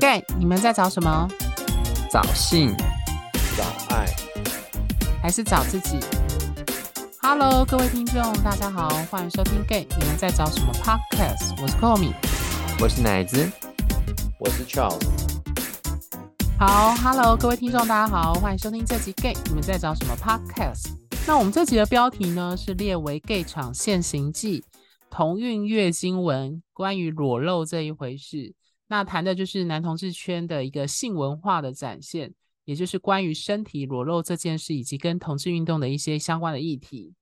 Gay，你們在找什麼？找性姓，找愛，還是找自己？Hello，各位聽眾，大家好，歡迎收聽 Gay，你們在找什麼 Podcast？我是 Kuromi，我是奶子，我是 Charles。好，Hello，各位聽眾，大家好，歡迎收聽這集 Gay，你們在找什麼 Podcast？那我們這集的標題呢，是列為 Gay 場現形記，同運月經文，關於裸露這一回事。那談的就是男同志圈的一個性文化的展現，也就是關於身體裸露這件事，以及跟同志運動的一些相關的議題。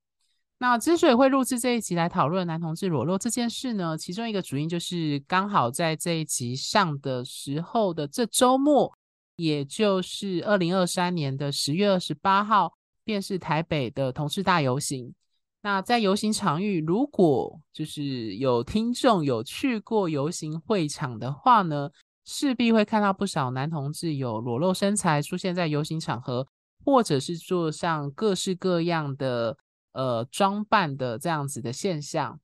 那之所以會錄製這一集來討論男同志裸露這件事呢，其中一個主因就是剛好在這一集上的時候的這週末，也就是二零二三年的十月二十八號，便是台北的同志大遊行。那在遊行場域，如果就是有聽眾有去過遊行會場的話呢，勢必會看到不少男同志有裸露身材出現在遊行場合，或者是做上各式各樣的呃裝扮的這樣子的現象。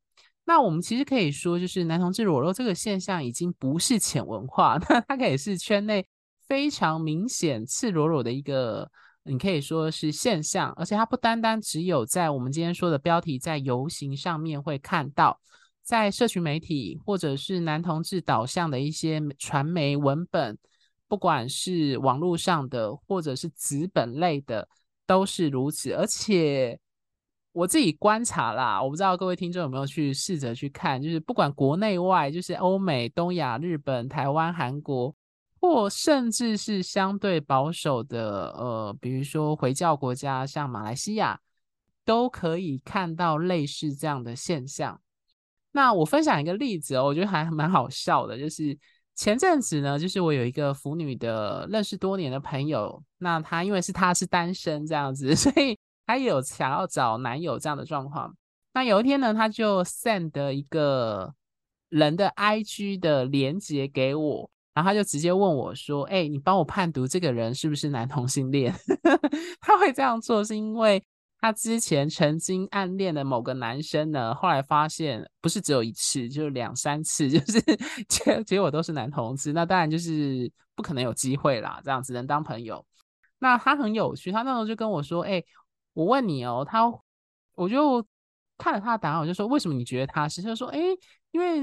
那我們其實可以說，就是男同志裸露這個現象已經不是潛文化，它可以是圈內非常明顯、赤裸裸的一個。你可以說是現象，而且它不單單只有在我們今天說的標題在遊行上面會看到，在社群媒體或者是男同志導向的一些傳媒文本，不管是網絡上的或者是紙本類的，都是如此。而且我自己觀察啦，我不知道各位聽眾有沒有去試着去看，就是不管國內外，就是歐美、東亞、日本、台灣、韓國。或甚至是相對保守的，呃，比如說回教國家，像馬來西亞，都可以看到類似這樣的現象。那我分享一個例子哦，我覺得還蠻好笑的，就是前陣子呢，就是我有一個腐女的認識多年的朋友，那她因為是她是單身這樣子，所以她也有想要找男友這樣的狀況。那有一天呢，她就 send 一個人的 IG 的鏈接給我。然後他就直接問我說：“哎、欸，你幫我判讀這個人是不是男同性戀？” 他會這樣做是因為他之前曾經暗戀的某個男生呢，後來發現不是只有一次，就是兩三次，就是結結果都是男同志。那當然就是不可能有機會啦，這樣只能當朋友。那他很有趣，他那時候就跟我說：“哎、欸，我問你哦，他我就看了他的答案，我就說：為什麼你覺得他是？他就說：哎、欸，因為。”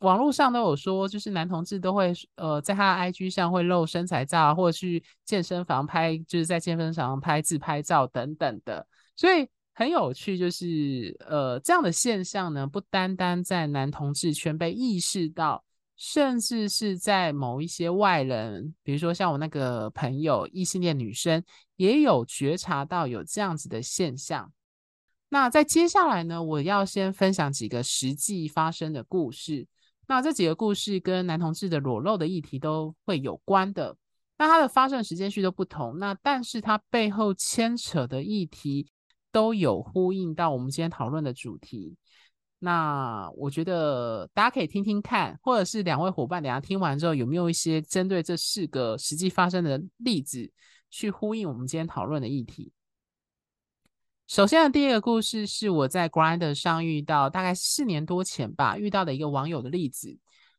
網絡上都有說，就是男同志都會呃，在他的 IG 上會露身材照，或者去健身房拍，就是在健身房拍自拍照等等的。所以很有趣，就是呃這樣的現象呢，不單單在男同志圈被意識到，甚至是在某一些外人，比如說像我那個朋友，異性戀女生也有覺察到有這樣子的現象。那在接下來呢，我要先分享幾個實際發生的故事。那這幾個故事跟男同志的裸露的議題都會有關的，那它的發生時間序都不同，那但是它背後牽扯的議題都有呼應到我們今天討論的主題。那我覺得大家可以聽聽看，或者是兩位伙伴，等下聽完之後有沒有一些針對這四個實際發生的例子去呼應我們今天討論的議題？首先的第一個故事是我在 Grinder 上遇到，大概四年多前吧，遇到的一個網友的例子。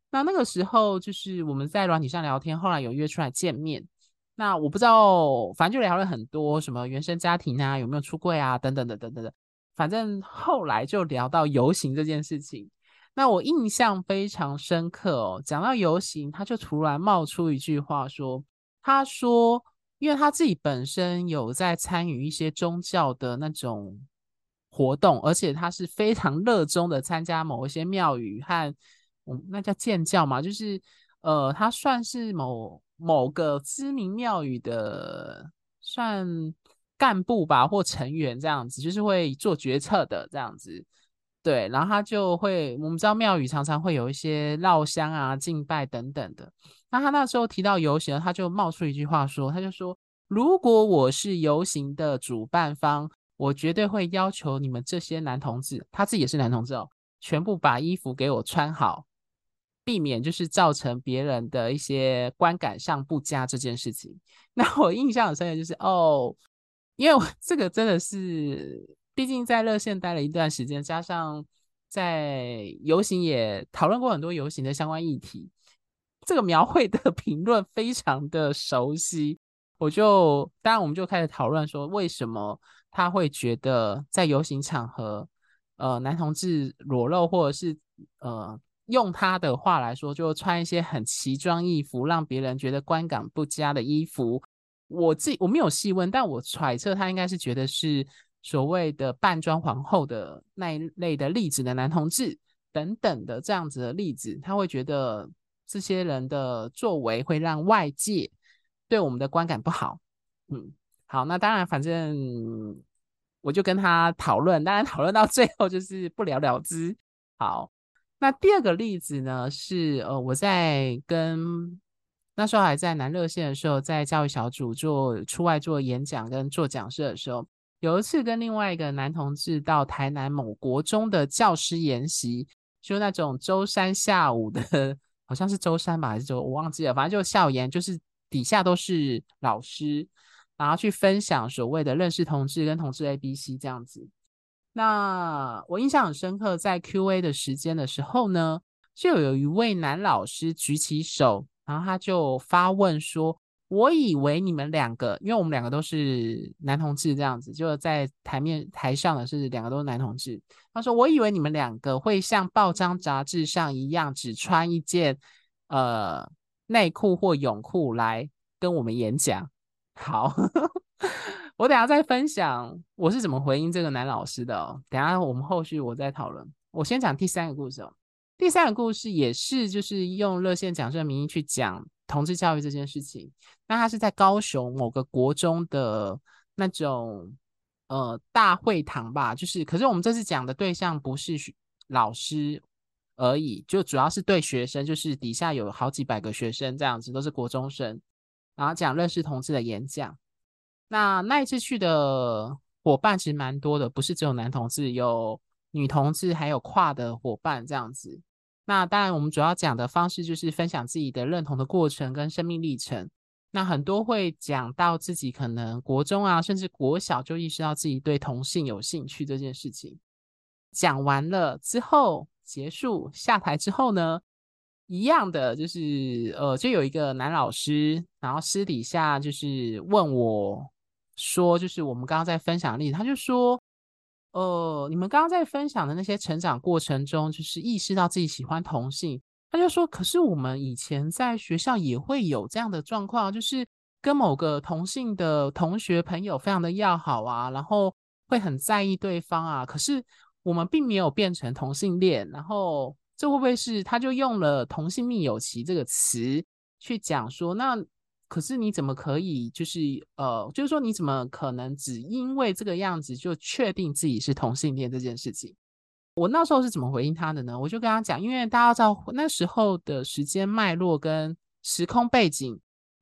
那那個時候就是我們在軟體上聊天，後來有約出來見面。那我不知道，反正就聊了很多，什麼原生家庭啊，有沒有出櫃啊，等等的等等等等。反正後來就聊到遊行這件事情。那我印象非常深刻哦，講到遊行，他就突然冒出一句話說：“他說。”因為他自己本身有在參與一些宗教的那種活動，而且他是非常熱衷的參加某一些廟宇和，嗯，那叫建教嘛，就是，呃，他算是某某個知名廟宇的算幹部吧，或成員這樣子，就是會做決策的這樣子。對，然後他就會，我們知道廟宇常常會有一些繞香啊、敬拜等等的。那他那時候提到遊行，他就冒出一句話說，他就說：“如果我是遊行的主辦方，我絕對會要求你們這些男同志，他自己也是男同志哦，全部把衣服給我穿好，避免就是造成別人的一些觀感上不佳這件事情。”那我印象很深的就是，哦，因為我這個真的是。畢竟在熱線待了一段時間，加上在遊行也討論過很多遊行的相關議題，這個描繪的評論非常的熟悉，我就當然我們就開始討論說，為什麼他會覺得在遊行場合，呃，男同志裸露或者是呃，用他的話來說，就穿一些很奇裝異服，讓別人覺得觀感不佳的衣服。我自己我沒有細問，但我揣測他應該是覺得是。所謂的扮裝皇後的那一類的例子的男同志等等的這樣子的例子，他會覺得這些人的作為會讓外界對我們的觀感不好。嗯，好，那當然，反正我就跟他討論，當然討論到最後就是不了了之。好，那第二個例子呢是呃，我在跟那時候還在南熱線的時候，在教育小組做出外做演講跟做講師的時候。有一次跟另外一個男同志到台南某國中的教師研習，就那種週三下午的，好像是週三吧，還是週，我忘記了，反正就下午研，就是底下都是老師，然後去分享所謂的認識同志跟同志 A、B、C 這樣子。那我印象很深刻，在 Q&A 的時間的時候呢，就有一位男老師舉起手，然後他就發問說。我以為你們兩個，因為我們兩個都是男同志，這樣子就在檯面台上的，是兩個都是男同志。他說：“我以為你們兩個會像報章雜誌上一樣，只穿一件呃內褲或泳褲來跟我們演講。”好， 我等一下再分享我是怎麼回應這個男老師的哦，等一下我們後續我再討論。我先講第三個故事哦。第三個故事也是，就是用熱線講述的名義去講同志教育這件事情。那他是在高雄某個國中的那種呃大會堂吧，就是，可是我們這次講的對象不是老師而已，就主要是對學生，就是底下有好幾百個學生這樣子，都是國中生，然後講認識同志的演講。那那一次去的伙伴其實蠻多的，不是只有男同志，有女同志，還有跨的伙伴這樣子。那當然，我們主要講的方式就是分享自己的認同的過程跟生命歷程。那很多會講到自己可能國中啊，甚至國小就意識到自己對同性有興趣這件事情。講完了之後，結束下台之後呢，一樣的就是呃，就有一個男老師，然後私底下就是問我說，說就是我們剛剛在分享的例子，他就說。呃，你們剛剛在分享的那些成長過程中，就是意識到自己喜歡同性，他就說，可是我們以前在學校也會有這樣的狀況，就是跟某個同性的同學朋友非常的要好啊，然後會很在意對方啊，可是我們並沒有變成同性戀，然後這會不會是，他就用了同性密友期這個詞去講說那，可是你怎麼可以就是呃，就是說你怎麼可能只因為這個樣子就確定自己是同性戀這件事情？我那時候是怎麼回應他的呢？我就跟他講，因為大家知道那時候的時間脈絡跟時空背景，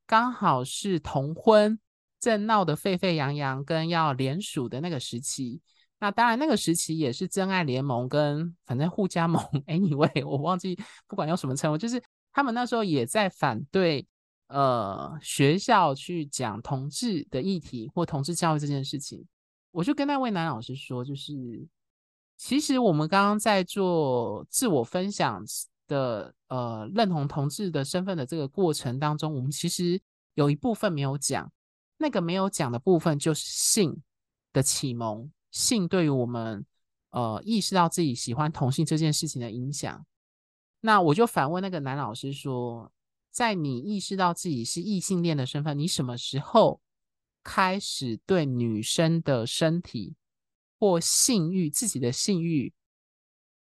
剛好是同婚正鬧得沸沸揚揚，跟要聯署的那個時期。那當然，那個時期也是真愛聯盟跟反正護家盟，anyway，我忘記不管用什麼稱呼，就是他們那時候也在反對。呃，學校去講同志的議題或同志教育這件事情，我就跟那位男老師說，就是其實我們剛剛在做自我分享的呃認同同志的身份的這個過程當中，我們其實有一部分沒有講，那個沒有講的部分就是性的啟蒙，性對於我們呃意識到自己喜歡同性這件事情的影響。那我就反問那個男老師說，在你意識到自己是異性戀的身份，你什麼時候開始對女生的身體或性欲、自己的性欲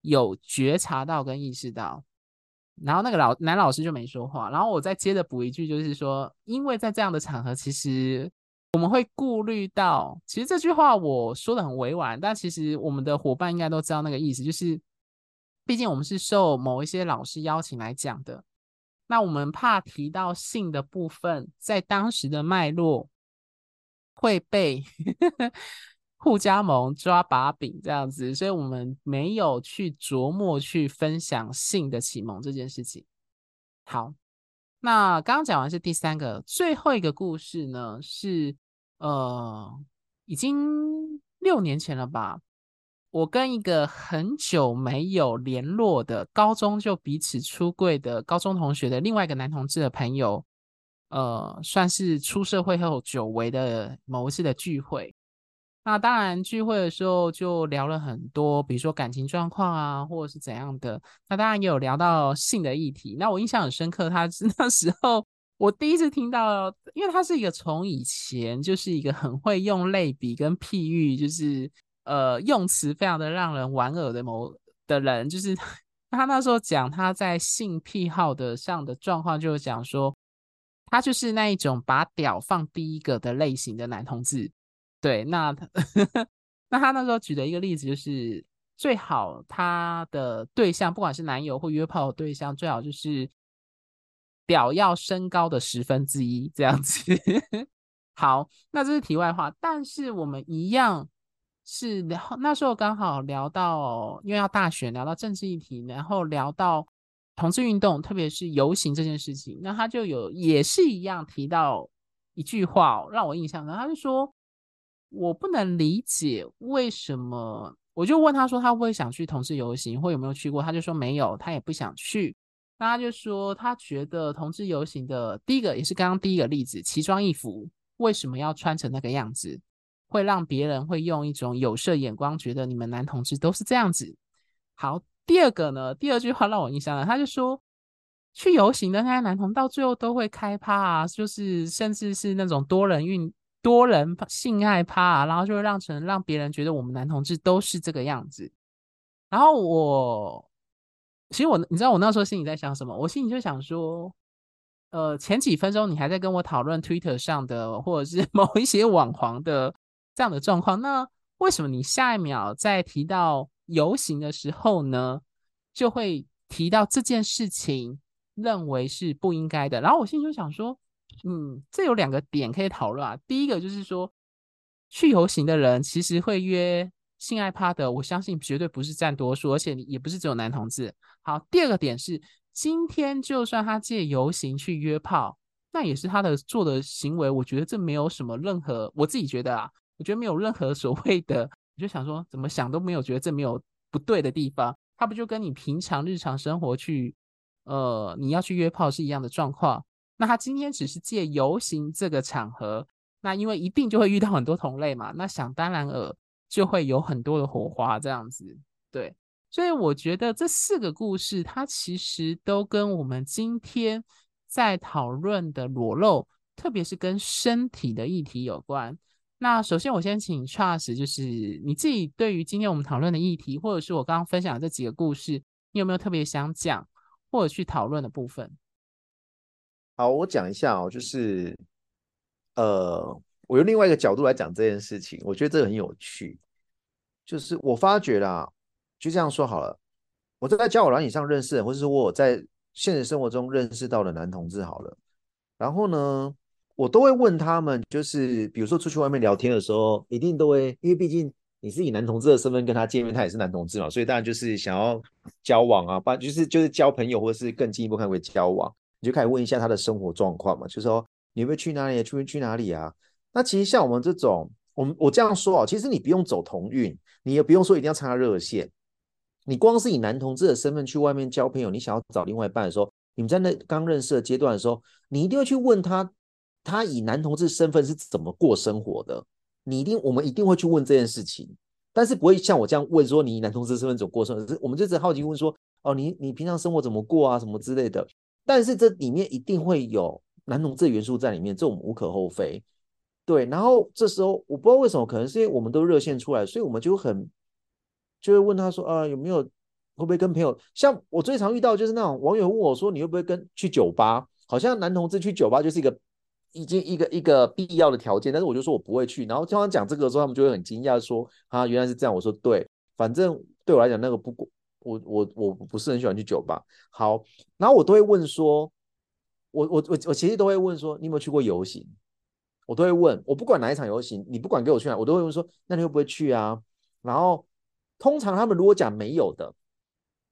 有覺察到跟意識到？然後那個老，男老師就沒說話。然後我再接着補一句，就是說，因為在這樣的場合，其實我們會顧慮到。其實這句話我說得很委婉，但其實我們的夥伴應該都知道那個意思，就是畢竟我們是受某一些老師邀請來講的。那我們怕提到性的部分，在當時的脈絡會被 護家盟抓把柄這樣子，所以我們沒有去琢磨去分享性的啟蒙這件事情。好，那剛剛講完是第三個，最後一個故事呢是呃，已經六年前了吧。我跟一個很久沒有聯絡的高中就彼此出櫃的高中同學的另外一個男同志的朋友，呃，算是出社會後久違的某一次的聚會。那當然聚會的時候就聊了很多，比如說感情狀況啊，或者是怎樣的。那當然也有聊到性的議題。那我印象很深刻，他是那時候我第一次聽到，因為他是一個從以前就是一個很會用類比跟譬喻，就是。呃，用詞非常的讓人莞爾的某的人，就是他那時候講他在性癖好的上的狀況，就是講說他就是那一種把屌放第一個的類型的男同志。對，那他 那他那時候舉的一個例子就是，最好他的對象，不管是男友或約炮對象，最好就是屌要身高的十分之一這樣子。 好，那這是題外話，但是我們一樣。是，然後那時候剛好聊到，因為要大選，聊到政治議題，然後聊到同志運動，特別是遊行這件事情，那他就有也是一樣提到一句話，哦，讓我印象深。他就說，我不能理解為什麼。我就問他說，他會不會想去同志遊行，或有沒有去過？他就說沒有，他也不想去。那他就說，他覺得同志遊行的第一個，也是剛剛第一個例子，奇裝異服，為什麼要穿成那個樣子？會讓別人會用一種有色眼光，覺得你們男同志都是這樣子。好，第二個呢，第二句話讓我印象了，他就說去遊行的那些男同，到最後都會開趴啊，就是甚至是那種多人運、多人性愛趴啊，然後就會讓成讓別人覺得我們男同志都是這個樣子。然後我，其實我你知道我那時候心裡在想什麼，我心裡就想說，呃，前幾分鐘你還在跟我討論 Twitter 上的，或者是某一些網黃的。這樣的狀況，那為什麼你下一秒在提到遊行的時候呢，就會提到這件事情，認為是不應該的？然後我心裡就想說，嗯，這有兩個點可以討論啊。第一個就是說，去遊行的人其實會約性愛趴的，我相信絕對不是佔多數，而且也不是只有男同志。好，第二個點是，今天就算他借遊行去約炮，那也是他的做的行為，我覺得這沒有什麼任何，我自己覺得啊。我覺得沒有任何所謂的，我就想說，怎麼想都沒有覺得這沒有不對的地方。他不就跟你平常日常生活去，呃，你要去約炮是一樣的狀況。那他今天只是借遊行這個場合，那因為一定就會遇到很多同類嘛，那想當然耳就會有很多的火花這樣子。對，所以我覺得這四個故事，它其實都跟我們今天在討論的裸露，特別是跟身體的議題有關。那首先，我先請 Charles，就是你自己對於今天我們討論的議題，或者是我剛剛分享的這幾個故事，你有沒有特別想講或者去討論的部分？好，我講一下哦，就是，呃，我用另外一個角度來講這件事情，我覺得這個很有趣，就是我發覺啦，就這樣說好了，我就在交友軟件上認識的，或者是我在現實生活中認識到的男同志好了，然後呢，我都會問他們，就是比如說出去外面聊天的時候，一定都會，因為畢竟你是以男同志的身份跟他見面，他也是男同志嘛，所以當然就是想要交往啊，不然就是就是交朋友，或者是更進一步看會交往，你就開始問一下他的生活狀況嘛，就是說你會,會去哪裡，去去哪裡啊？那其實像我們這種，我們我這樣說哦，其實你不用走同運，你也不用說一定要插熱線，你光是以男同志的身份去外面交朋友，你想要找另外一半的時候，你們在那剛認識的階段的時候，你一定要去問他。他以男同志身份是怎麼過生活的？你一定，我們一定會去問這件事情，但是不會像我這樣問說你以男同志身份怎麼過生活。我們就只好奇問說，哦，你你平常生活怎麼過啊，什麼之類的。但是這裡面一定會有男同志元素在裡面，這我們無可厚非。對，然後這時候我不知道為什麼，可能是因為我們都熱線出來，所以我們就很就會問他說啊，有沒有會不會跟朋友？像我最常遇到就是那種網友問我說，你會不會跟去酒吧？好像男同志去酒吧就是一個。已經一個一個必要的條件，但是我就說我不會去。然後通常講這個的時候，他們就會很驚訝說：“啊，原來是這樣。”我說：“對，反正對我來講，那個不，我我我不是很喜歡去酒吧。好，然後我都會問說，我我我我其實都會問說，你有沒有去過遊行？我都會問，我不管哪一場遊行，你不管給我去哪，我都會問說，那你會不會去啊？然後通常他們如果講沒有的，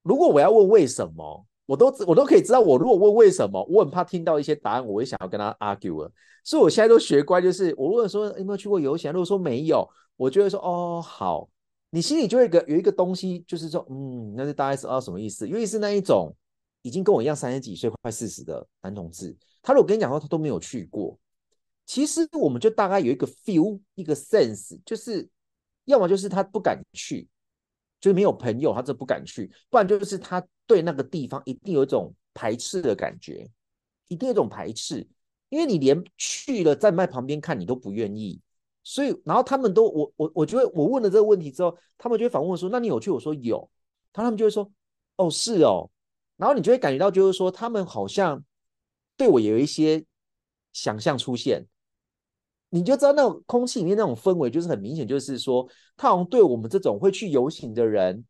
如果我要問為什麼？我都我都可以知道，我如果問為什麼，我很怕聽到一些答案，我會想要跟他 argue 了。所以我現在都學乖，就是我如果說、哎、有沒有去過遊行，如果說沒有，我就會說哦好，你心裡就會有，有一個東西，就是說嗯，那是大概是啊什麼意思？尤其是那一種已經跟我一樣三十幾歲快四十的男同志，他如果跟你講說他都沒有去過，其實我們就大概有一個 feel 一個 sense，就是要麼就是他不敢去。所以沒有朋友，他就不敢去。不然就是他對那個地方一定有一種排斥的感覺，一定有一種排斥，因為你連去了在麥旁邊看你都不願意。所以，然後他們都我我我覺得我問了這個問題之後，他們就會反問說：“那你有去？”我說：“有。”然後他們就會說：“哦，是哦。”然後你就會感覺到就是說他們好像對我也有一些想象出現。你就知道那種空氣裡面那種氛圍，就是很明顯，就是說，他好像對我們這種會去遊行的人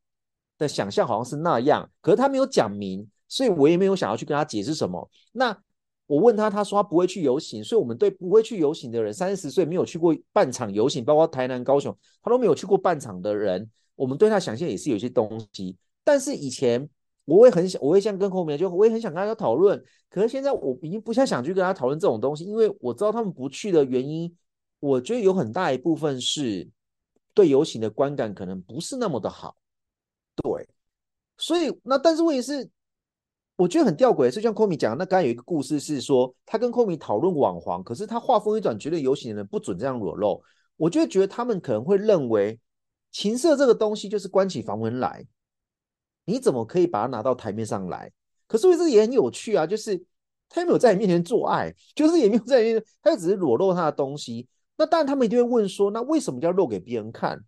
的想象好像是那樣，可是他沒有講明，所以我也沒有想要去跟他解釋什麼。那我問他，他說他不會去遊行，所以我們對不會去遊行的人，三十歲沒有去過半場遊行，包括台南、高雄，他都沒有去過半場的人，我們對他想象也是有些東西，但是以前。我也很想，我也想跟科米，就我也很想跟大家討論。可是現在我已經不太想去跟他討論這種東西，因為我知道他們不去的原因，我覺得有很大一部分是對遊行的觀感可能不是那麼的好。對，所以那但是問題是，我覺得很吊詭，就像科米講，那剛剛有一個故事是說，他跟科米討論網黃，可是他話鋒一轉，覺得遊行的人不准這樣裸露。我就覺得他們可能會認為，情色這個東西就是關起房門來。你怎麼可以把它拿到台面上來？可是問題是也很有趣啊，就是他也沒有在你面前做愛，就是也沒有在你面前，他只是裸露他的東西。那當然，他們一定會問說：那為什麼要露給別人看？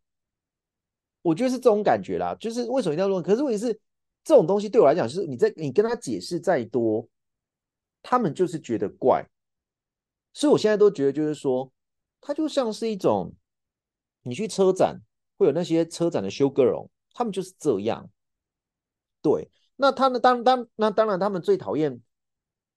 我覺得是這種感覺啦，就是為什麼一定要露？可是問題是，這種東西對我來講是，你在你跟他解釋再多，他們就是覺得怪。所以我現在都覺得，就是說，它就像是一種，你去車展會有那些車展的 show girl，他們就是這樣。對，那他呢？當當那當然，他，然他們最討厭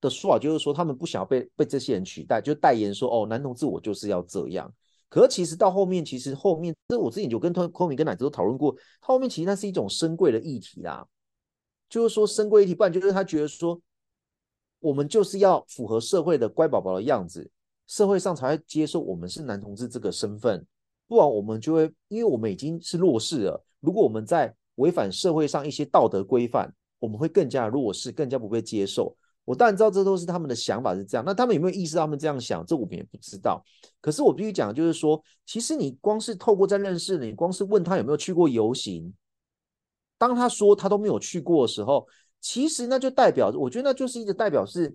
的說法就是說，他們不想要被被這些人取代，就代言說哦，男同志我就是要這樣。可是其實到後面，其實後面這我之前有跟昆昆明跟奶子都討論過，他後面其實那是一種深櫃的議題啦、啊，就是說深櫃議題，不然就是他覺得說，我們就是要符合社會的乖寶寶的樣子，社會上才會接受我們是男同志這個身份，不然我們就會因為我們已經是弱勢了，如果我們在違反社會上一些道德規範，我們會更加弱勢，更加不被接受。我當然知道這都是他們的想法是這樣，那他們有沒有意識到他們這樣想，這我們也不知道。可是我必須講，就是說，其實你光是透過在認識你，光是問他有沒有去過遊行，當他說他都沒有去過的時候，其實那就代表，我覺得那就是一個代表是，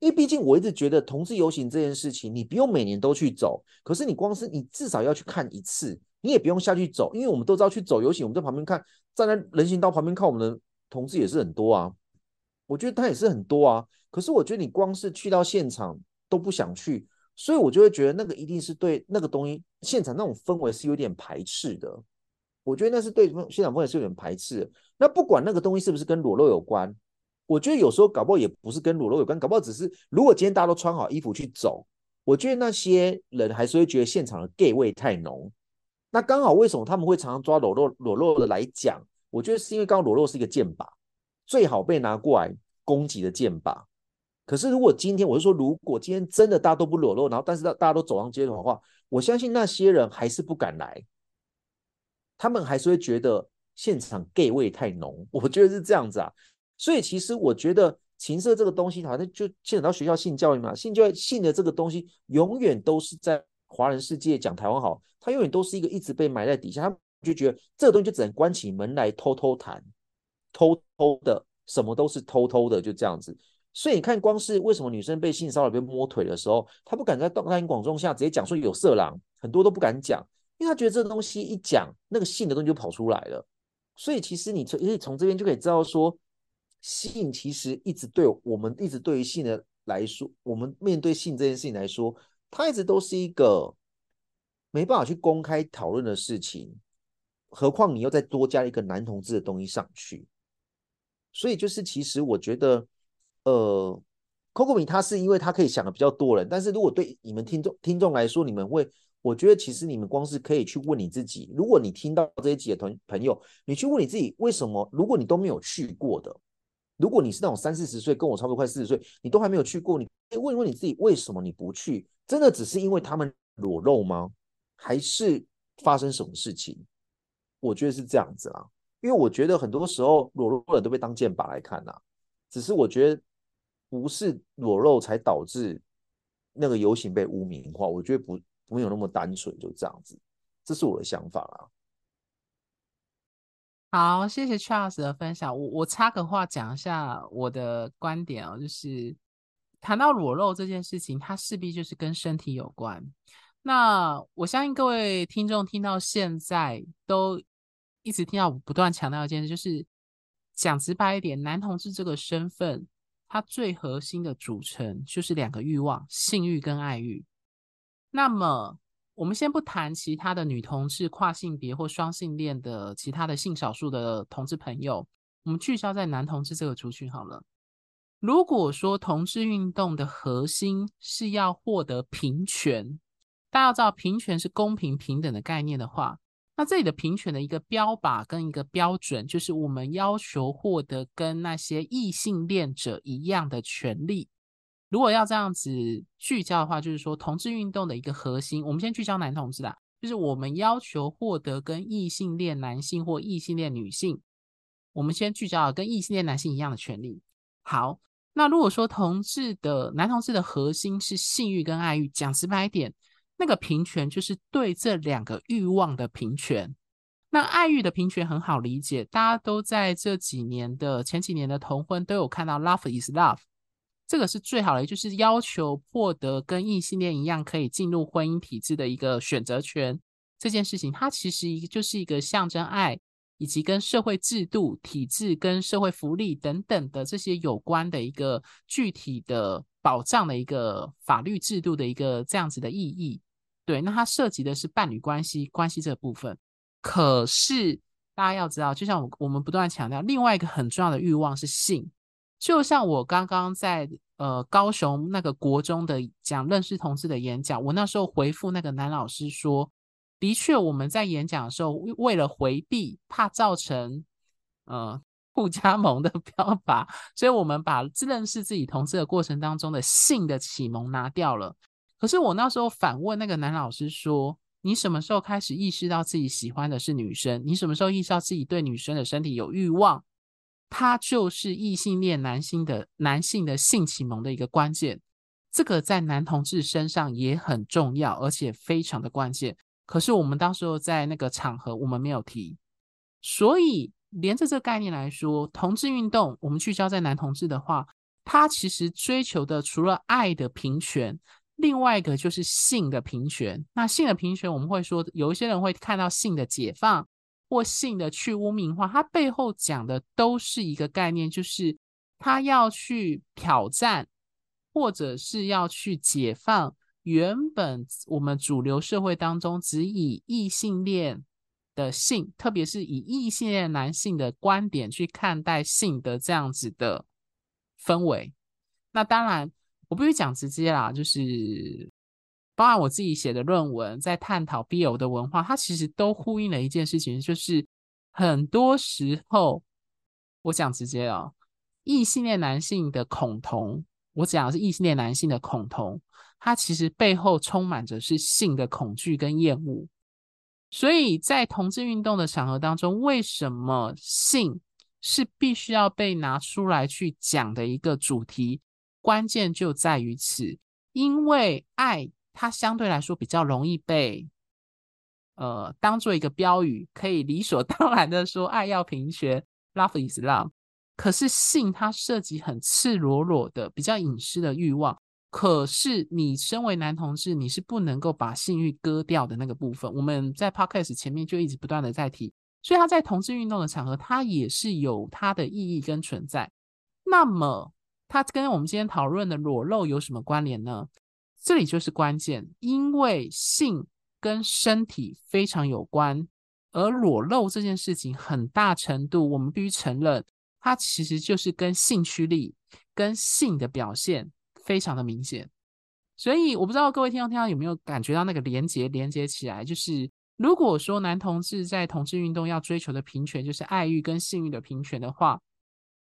因為畢竟我一直覺得同志遊行這件事情，你不用每年都去走，可是你光是你至少要去看一次。你也不用下去走，因為我們都知道去走遊行，我們在旁邊看，站在人行道旁邊看，我們的同志也是很多啊。我覺得他也是很多啊。可是我覺得你光是去到現場都不想去，所以我就會覺得那個一定是對那個東西現場那種氛圍是有點排斥的。我覺得那是對現場氛圍是有點排斥的。那不管那個東西是不是跟裸露有關，我覺得有時候搞不好也不是跟裸露有關，搞不好只是如果今天大家都穿好衣服去走，我覺得那些人還是會覺得現場的 gay 味太濃。那剛好，為什麼他們會常常抓裸露、裸露的來講？我覺得是因為剛剛裸露是一個箭靶，最好被拿過來攻擊的箭靶。可是如果今天，我就說，如果今天真的大家都不裸露，然後但是大家都走上街頭的話，我相信那些人還是不敢來，他們還是會覺得現場 gay 味太濃。我覺得是這樣子啊。所以其實我覺得情色這個東西，好像就牽扯到學校性教育嘛，性教育性的這個東西，永遠都是在。華人世界講台灣好，他永遠都是一個一直被埋在底下。他就覺得這個東西就只能關起門來偷偷談，偷偷的，什麼都是偷偷的，就這樣子。所以你看，光是為什麼女生被性騷擾被摸腿的時候，她不敢在大庭廣眾下直接講說有色狼，很多都不敢講，因為他覺得這個東西一講，那個性的東西就跑出來了。所以其實你從因為從這邊就可以知道說，說性其實一直對我們一直對於性的來說，我們面對性這件事情來說。他一直都是一個沒辦法去公開討論的事情，何況你又再多加一個男同志的東西上去，所以就是其實我覺得，呃，Coco 米他是因為他可以想的比較多人，但是如果對你們聽眾聽眾來說，你們會，我覺得其實你們光是可以去問你自己，如果你聽到這一集的朋朋友，你去問你自己為什麼？如果你都沒有去過的，如果你是那種三四十歲跟我差不多快四十歲，你都還沒有去過，你可以問一問你自己為什麼你不去？真的只是因為他們裸露嗎？還是發生什麼事情？我覺得是這樣子啦，因為我覺得很多時候裸露人都被當箭靶來看吶。只是我覺得不是裸露才導致那個遊行被汙名化，我覺得不，不沒有那麼單純，就這樣子。這是我的想法啦。好，謝謝 Charles 的分享。我我插個話講一下我的觀點啊、喔，就是。談到裸露這件事情，它勢必就是跟身體有關。那我相信各位聽眾聽到現在都一直聽到我不斷強調一件事，就是講直白一點，男同志這個身份，它最核心的組成就是兩個慾望：性慾跟愛慾。那麼，我們先不談其他的女同志、跨性別或雙性戀的其他的性少數的同志朋友，我們聚焦在男同志這個族群好了。如果說同志運動的核心是要獲得平權，大家要知道平權是公平平等的概念的話，那這裡的平權的一個標靶跟一個標準，就是我們要求獲得跟那些異性戀者一樣的權利。如果要這樣子聚焦的話，就是說同志運動的一個核心，我們先聚焦男同志啦，就是我們要求獲得跟異性戀男性或異性戀女性，我們先聚焦跟異性戀男性一樣的權利。好。那如果說同志的男同志的核心是性欲跟愛欲，講直白一點，那個平權就是對這兩個欲望的平權。那愛欲的平權很好理解，大家都在這幾年的，前幾年的同婚都有看到 “love is love”，這個是最好的，就是要求獲得跟異性戀一樣可以進入婚姻體制的一個選擇權這件事情，它其實就是一個象徵愛。以及跟社會制度、體制跟社會福利等等的這些有關的一個具體的保障的一個法律制度的一個這樣子的意義，對，那它涉及的是伴侶關係關係這部分。可是大家要知道，就像我我們不斷強調，另外一個很重要的慾望是性。就像我剛剛在呃高雄那個國中的講認識同志的演講，我那時候回復那個男老師說，的確，我們在演講的時候，為了回避，怕造成呃不加盟的標法，所以我們把認識自己同志的過程當中的性的啟蒙拿掉了。可是我那時候反問那個男老師說：“你什麼時候開始意識到自己喜歡的是女生？你什麼時候意識到自己對女生的身體有慾望？”他就是異性戀男性的男性的性啟蒙的一個關鍵。這個在男同志身上也很重要，而且非常的關鍵。可是我們當時候在那個場合，我們沒有提，所以連着這個概念來說，同志運動，我們聚焦在男同志的話，他其實追求的除了愛的平權，另外一個就是性的平權。那性的平權，我們會說有一些人會看到性的解放或性的去污名化，它背後講的都是一個概念，就是他要去挑戰，或者是要去解放。原本我們主流社會當中，只以異性戀的性，特別是以異性戀男性的觀點去看待性的這樣子的氛圍。那當然，我必須講直接啦，就是，包含我自己寫的論文在探討 BL 的文化，它其實都呼應了一件事情，就是很多時候，我講直接哦，異性戀男性的恐同，我講的是異性戀男性的恐同。它其實背後充滿着是性的恐懼跟厭惡，所以在同志運動的場合當中，為什麼性是必須要被拿出來去講的一個主題？關鍵就在於此，因為愛它相對來說比較容易被呃當做一個標語，可以理所當然的說愛要平權，Love is love。可是性它涉及很赤裸裸的、比較隱私的慾望。可是，你身為男同志，你是不能夠把性欲割掉的那個部分。我們在 Podcast 前面就一直不斷的在提，所以他在同志運動的場合，它也是有它的意義跟存在。那麼，它跟我們今天討論的裸露有什麼關聯呢？這裡就是關鍵，因為性跟身體非常有關，而裸露這件事情，很大程度我們必須承認，它其實就是跟性驅力、跟性的表現。非常的明顯，所以我不知道各位聽眾聽到有沒有感覺到那個連接，連接起來就是，如果說男同志在同志運動要追求的平權，就是愛慾跟性慾的平權的話，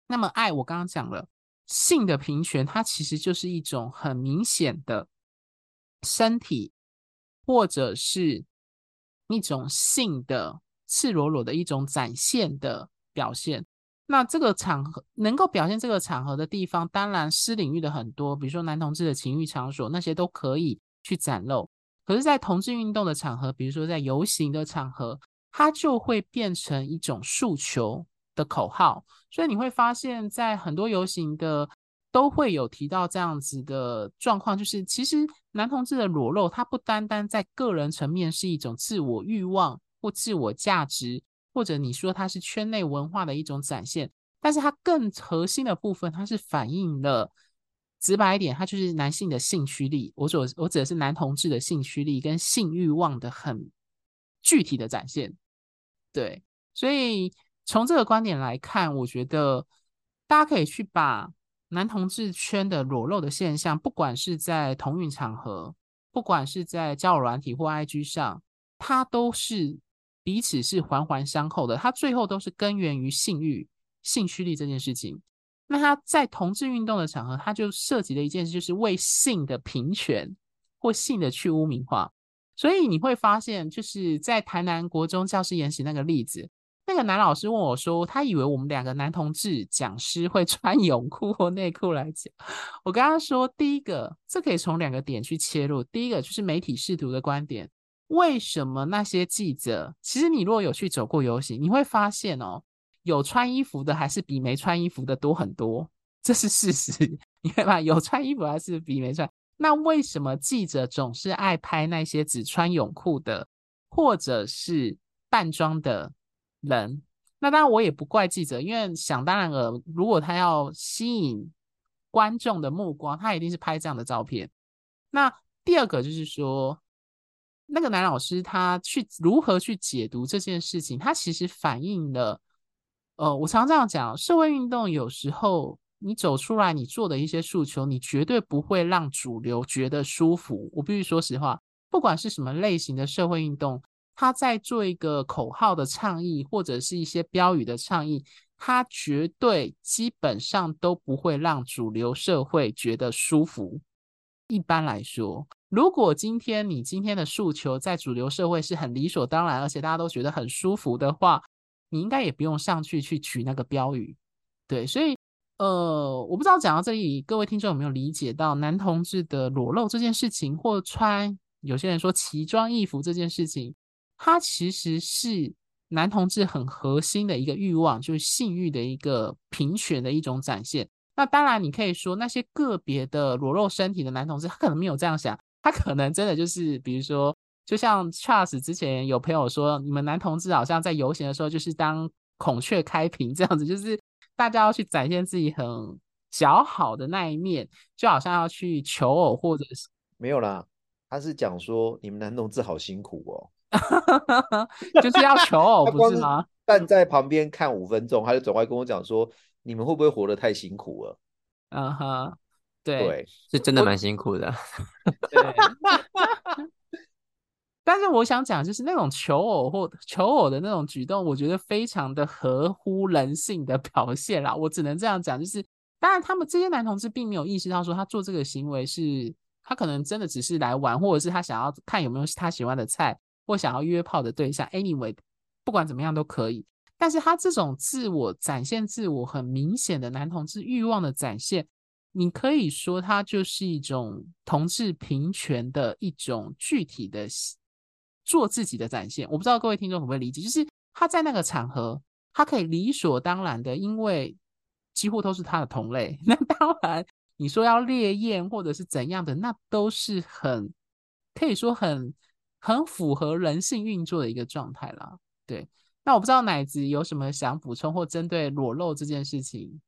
那麼愛我剛剛講了，性的平權，它其實就是一種很明顯的身體或者是一種性的赤裸裸的一種展現的表現。那這個場合能夠表現這個場合的地方，當然私領域的很多，比如說男同志的情慾場所那些都可以去展露。可是，在同志運動的場合，比如說在遊行的場合，它就會變成一種訴求的口號。所以你會發現在很多遊行的都會有提到這樣子的狀況，就是其實男同志的裸露，它不單單在個人層面是一種自我慾望或自我價值。或者你說它是圈內文化的一種展現，但是它更核心的部分，它是反映了直白一點，它就是男性的性驅力。我所我指的是男同志的性驅力跟性欲望的很具體的展現。對，所以從這個觀點來看，我覺得大家可以去把男同志圈的裸露的現象，不管是在同運場合，不管是在交友軟體或 IG 上，它都是。彼此是環環相扣的，他最後都是根源於性慾、性驅力這件事情。那他在同志運動的場合，他就涉及了一件事，就是為性的平權或性的去污名化。所以你會發現，就是在台南國中教師研習那個例子，那個男老師問我說，他以為我們兩個男同志講師會穿泳褲或內褲來講。我跟他說，第一個，這可以從兩個點去切入，第一個就是媒體試圖的觀點。為什麼那些記者？其實你如果有去走過遊行，你會發現哦，有穿衣服的還是比沒穿衣服的多很多，這是事實，你明白吧？有穿衣服還是比沒穿。那為什麼記者總是愛拍那些只穿泳褲的或者是扮裝的人？那當然我也不怪記者，因為想當然了，如果他要吸引觀眾的目光，他一定是拍這樣的照片。那第二個就是說。那個男老師他去如何去解讀這件事情？他其實反映了，呃，我常常這樣講，社會運動有時候你走出來，你做的一些訴求，你絕對不會讓主流覺得舒服。我必須說實話，不管是什麼類型的社會運動，他在做一個口號的倡議，或者是一些標語的倡議，他絕對基本上都不會讓主流社會覺得舒服。一般來說。如果今天你今天的訴求在主流社會是很理所當然，而且大家都覺得很舒服的話，你應該也不用上去去取那個標語，對。所以，呃，我不知道講到這裡，各位聽眾有沒有理解到，男同志的裸露這件事情，或穿有些人說奇裝異服這件事情，它其實是男同志很核心的一個慾望，就是性慾的一個平權的一種展現。那當然，你可以說那些個別的裸露身體的男同志，他可能沒有這樣想。他可能真的就是，比如說，就像 Charles 之前有朋友說，你們男同志好像在遊行的時候就是當孔雀開屏這樣子，就是大家要去展現自己很姣好的那一面，就好像要去求偶或者是。沒有啦。他是講說你們男同志好辛苦哦、喔， 就是要求偶不是嗎？但 在旁邊看五分鐘，他就轉過來跟我講說，你們會不會活得太辛苦了？嗯哼、uh。Huh. 對，對是真的蠻辛苦的。 但是我想講，就是那種求偶或求偶的那種舉動，我覺得非常的合乎人性的表現啦。我只能這樣講，就是當然他們這些男同志並沒有意識到，說他做這個行為是，他可能真的只是來玩，或者是他想要看有沒有他喜歡的菜，或想要約炮的對象。anyway，不管怎麼樣都可以。但是他這種自我展現、自我很明顯的男同志慾望的展現。你可以說，它就是一種同志平權的一種具體的做自己的展現。我不知道各位聽眾會不會理解，就是他在那個場合，他可以理所當然的，因為幾乎都是他的同類，那當然你說要烈焰或者是怎樣的，那都是很可以說很很符合人性運作的一個狀態啦。對，那我不知道奶子有什麼想補充或針對裸露這件事情？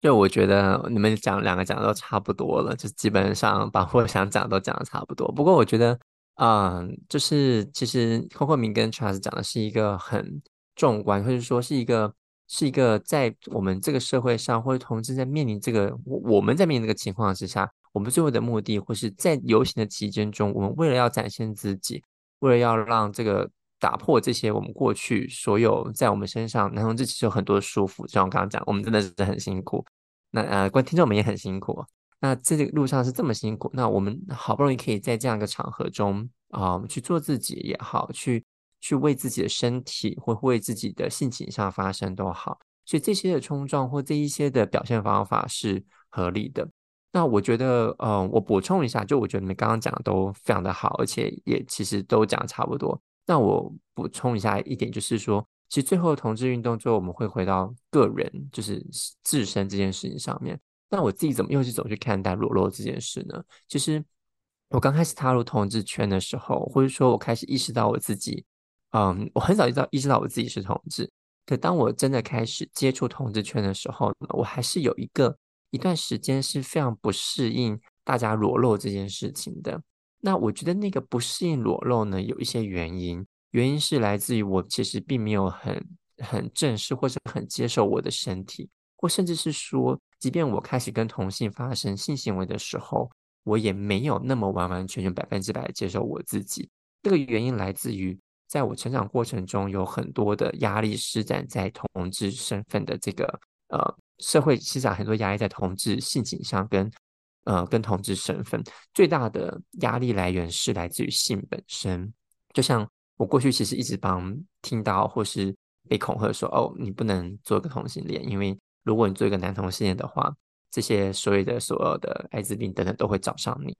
就我覺得你們講兩個講的都差不多了，就基本上把我想講的都講的差不多。不過我覺得，嗯，就是其實霍克明跟 Charles 講的是一個很壯觀，或者說是一個是一個在我們這個社會上，或者同志在面臨這個我我們在面臨這個情況之下，我們最後的目的，或是在遊行的期間中，我們為了要展現自己，為了要讓這個，打破這些我們過去所有在我們身上，然後這其實有很多束縛，就像我剛剛講，我們真的是很辛苦。那呃，觀聽眾們也很辛苦。那這個路上是這麼辛苦，那我們好不容易可以在這樣一個場合中啊、呃，去做自己也好，去去為自己的身體或為自己的性情上發聲都好，所以這些的衝撞或這一些的表現方法是合理的。那我覺得，呃，我補充一下，就我覺得你們剛剛講的都非常的好，而且也其實都講的差不多。那我補充一下一點，就是說，其實最後的同志運動之後，我們會回到個人，就是自身這件事情上面。那我自己怎麼又是走去看待裸露這件事呢？其實我剛開始踏入同志圈的時候，或者說我開始意識到我自己，嗯，我很早就知道意識到我自己是同志。可當我真的開始接觸同志圈的時候呢，我還是有一個一段時間是非常不適應大家裸露這件事情的。那我覺得那個不適應裸露呢，有一些原因，原因是來自於我其實並沒有很很正視，或者很接受我的身體，或甚至是說，即便我開始跟同性發生性行為的時候，我也沒有那麼完完全全百分之百接受我自己。這個原因來自於在我成長過程中有很多的壓力施展在同志身份的這個呃社會，其實很多壓力在同志性情上跟。呃，跟同志身份最大的壓力來源是來自於性本身。就像我過去其實一直幫聽到或是被恐嚇說，哦，你不能做個同性戀，因為如果你做一個男同性戀的話，這些所有的所有的艾滋病等等都會找上你。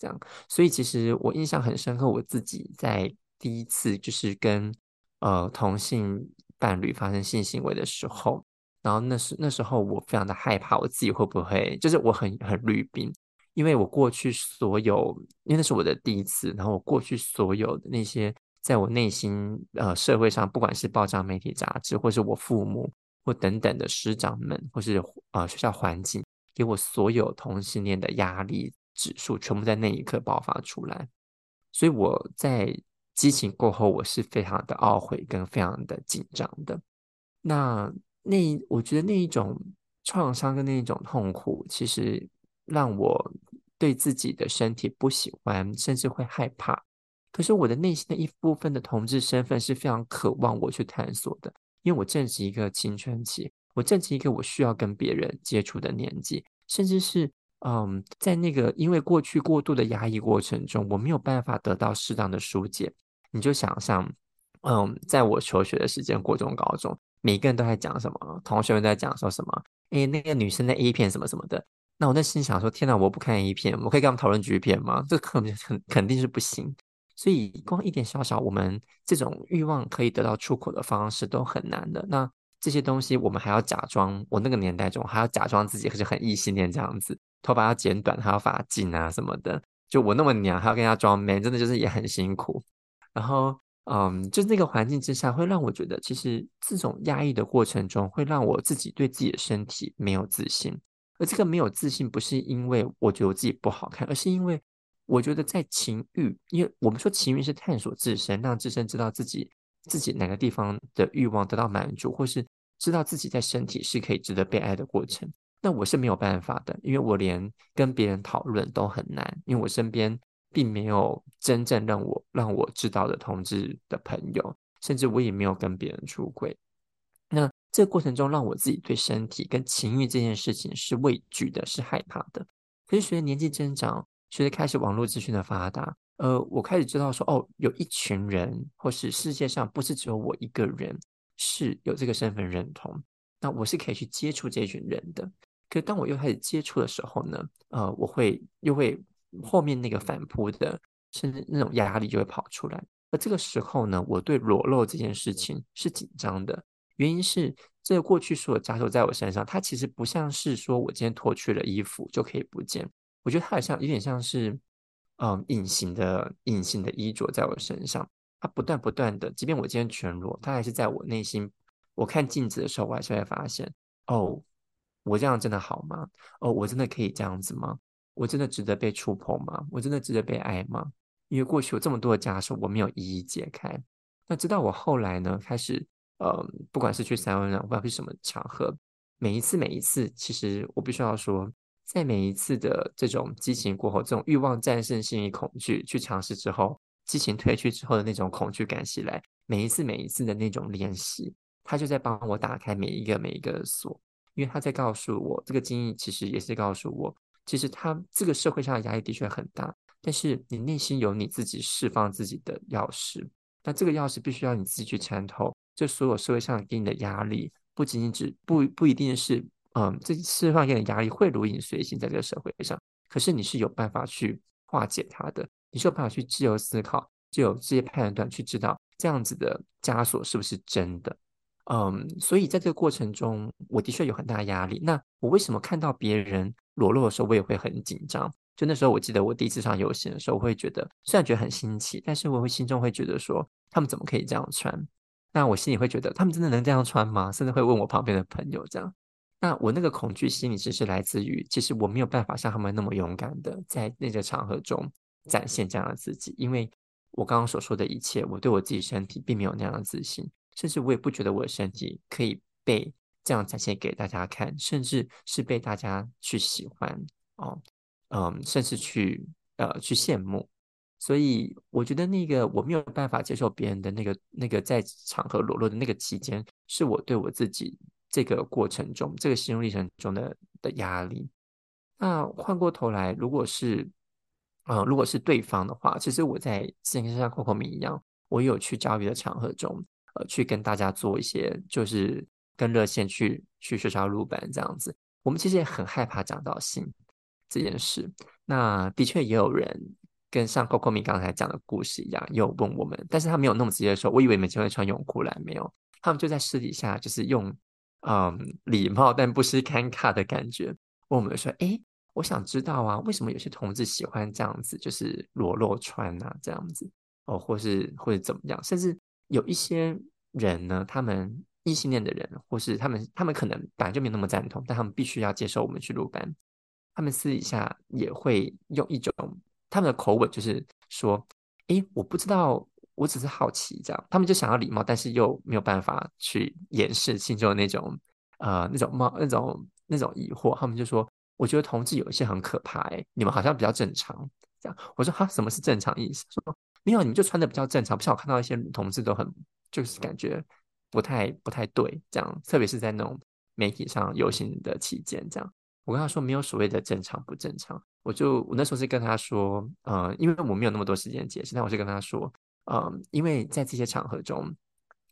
這樣，所以其實我印象很深刻，我自己在第一次就是跟呃同性伴侶發生性行為的時候。然後那時那時候我非常的害怕，我自己會不會就是我很很綠兵，因為我過去所有，因為那是我的第一次，然後我過去所有的那些在我內心呃社會上，不管是報章媒體雜誌，或是我父母或等等的師長們，或是啊、呃、學校環境，給我所有同性戀的壓力指數全部在那一刻爆發出來，所以我在激情過後，我是非常的懊悔跟非常的緊張的，那。那我覺得那一種創傷跟那一種痛苦，其實讓我對自己的身體不喜歡，甚至會害怕。可是我的內心的一部分的同志身份是非常渴望我去探索的，因為我正值一個青春期，我正值一個我需要跟別人接觸的年紀，甚至是嗯，在那個因為過去過度的壓抑過程中，我沒有辦法得到適當的疏解。你就想象嗯，在我求學的時間，國中、高中。每個人都在講什麼？同學們都在講說什麼？誒那個女生的 A 片什麼什麼的。那我那心想說：天哪！我不看 A 片，我可以跟他們討論 G 片嗎？這肯能肯肯定是不行。所以光一點小小，我們這種欲望可以得到出口的方式都很難的。那這些東西，我們還要假裝。我那個年代中還要假裝自己是很異性戀這樣子，頭髮要剪短，還要髮髻啊什麼的。就我那麼娘，還要跟他裝 n 真的就是也很辛苦。然後。嗯，um, 就那個環境之下，會讓我覺得，其實這種壓抑的過程中，會讓我自己對自己的身體沒有自信。而這個沒有自信，不是因為我覺得我自己不好看，而是因為我覺得在情欲，因為我們說情欲是探索自身，讓自身知道自己自己哪個地方的欲望得到滿足，或是知道自己在身體是可以值得被愛的過程。那我是沒有辦法的，因為我連跟別人討論都很難，因為我身邊。並沒有真正讓我讓我知道的同志的朋友，甚至我也沒有跟別人出櫃。那這個過程中，讓我自己對身體跟情欲這件事情是畏懼的，是害怕的。可是隨着年紀增長，隨着開始網絡資訊的發達，呃，我開始知道說，哦，有一群人，或是世界上不是只有我一個人是有這個身份認同，那我是可以去接觸這群人的。可當我又開始接觸的時候呢，呃，我會又會。後面那個反撲的，甚至那種壓力就會跑出來。而這個時候呢，我對裸露這件事情是緊張的，原因是這個過去所有枷鎖在我身上，它其實不像是說我今天脫去了衣服就可以不見，我覺得它好像有點像是，嗯，隱形的隱形的衣着在我身上，它不斷不斷的，即便我今天全裸，它還是在我內心，我看鏡子的時候，我還是會發現，哦，我這樣真的好嗎？哦，我真的可以這樣子嗎？我真的值得被觸碰嗎？我真的值得被愛嗎？因為過去有這麼多的枷鎖，我沒有一一解開。那直到我後來呢，開始呃，不管是去三溫暖，我不知道是什麼場合，每一次每一次，其實我必須要說，在每一次的這種激情過後，這種慾望戰勝心理恐懼去嘗試之後，激情褪去之後的那種恐懼感襲來，每一次每一次的那種練習，他就在幫我打開每一個每一個鎖，因為他在告訴我，這個經歷其實也是告訴我。其實他這個社會上的壓力的確很大，但是你內心有你自己釋放自己的鑰匙，那這個鑰匙必須要你自己去參透。就所有社會上給你的壓力，不僅僅只不不一定是嗯，這釋放給你的壓力會如影隨形在這個社會上，可是你是有辦法去化解它的，你是有辦法去自由思考，自由這些判斷去知道這樣子的枷鎖是不是真的。嗯，um, 所以在這個過程中，我的確有很大壓力。那我為什麼看到別人裸露的時候，我也會很緊張？就那時候，我記得我第一次上泳池的時候，我會覺得雖然覺得很新奇，但是我會心中會覺得說，他們怎麼可以這樣穿？那我心裡會覺得，他們真的能這樣穿嗎？甚至會問我旁邊的朋友這樣。那我那個恐懼心理，其實來自於，其實我沒有辦法像他們那麼勇敢的在那個場合中展現這樣的自己，因為我剛剛所說的一切，我對我自己身體並沒有那樣的自信。甚至我也不覺得我的身體可以被這樣展現給大家看，甚至是被大家去喜歡哦，嗯，甚至去呃去羨慕。所以我覺得那個我沒有辦法接受別人的那個那個在場合裸露的那個期間，是我對我自己這個過程中這個心路歷程中的的壓力。那換過頭來，如果是、呃、如果是對方的話，其實我在之前像 Coco 米一樣，我有去交別的場合中。呃，去跟大家做一些，就是跟熱線去去學校入班這樣子。我們其實也很害怕講到性這件事。那的確也有人跟像 Coco 米剛才講的故事一樣，也有問我們，但是他沒有那麼直接說。我以為你們只會穿泳褲來，沒有。他們就在私底下，就是用嗯禮貌但不失尷尬的感覺，問我們說：“哎、欸，我想知道啊，為什麼有些同志喜歡這樣子，就是裸露穿啊這樣子，哦，或是或者怎麼樣，甚至。”有一些人呢，他們異性戀的人，或是他們，他們可能本來就沒有那麼贊同，但他們必須要接受我們去錄班。他們私底下也會用一種他們的口吻，就是說：“哎、欸，我不知道，我只是好奇。”這樣，他們就想要禮貌，但是又沒有辦法去掩飾心中的那種呃那種冒那種那種疑惑。他們就說：“我覺得同志有一些很可怕、欸，誒，你們好像比較正常。”這樣，我說：“哈，什麼是正常意思？”說。沒有，你們就穿的比較正常，不像我看到一些同志都很，就是感覺不太不太對這樣，特別是在那種媒體上遊行的期間這樣。我跟他說沒有所謂的正常不正常，我就我那時候是跟他說，呃，因為我沒有那麼多時間解釋，但我是跟他說，呃，因為在這些場合中，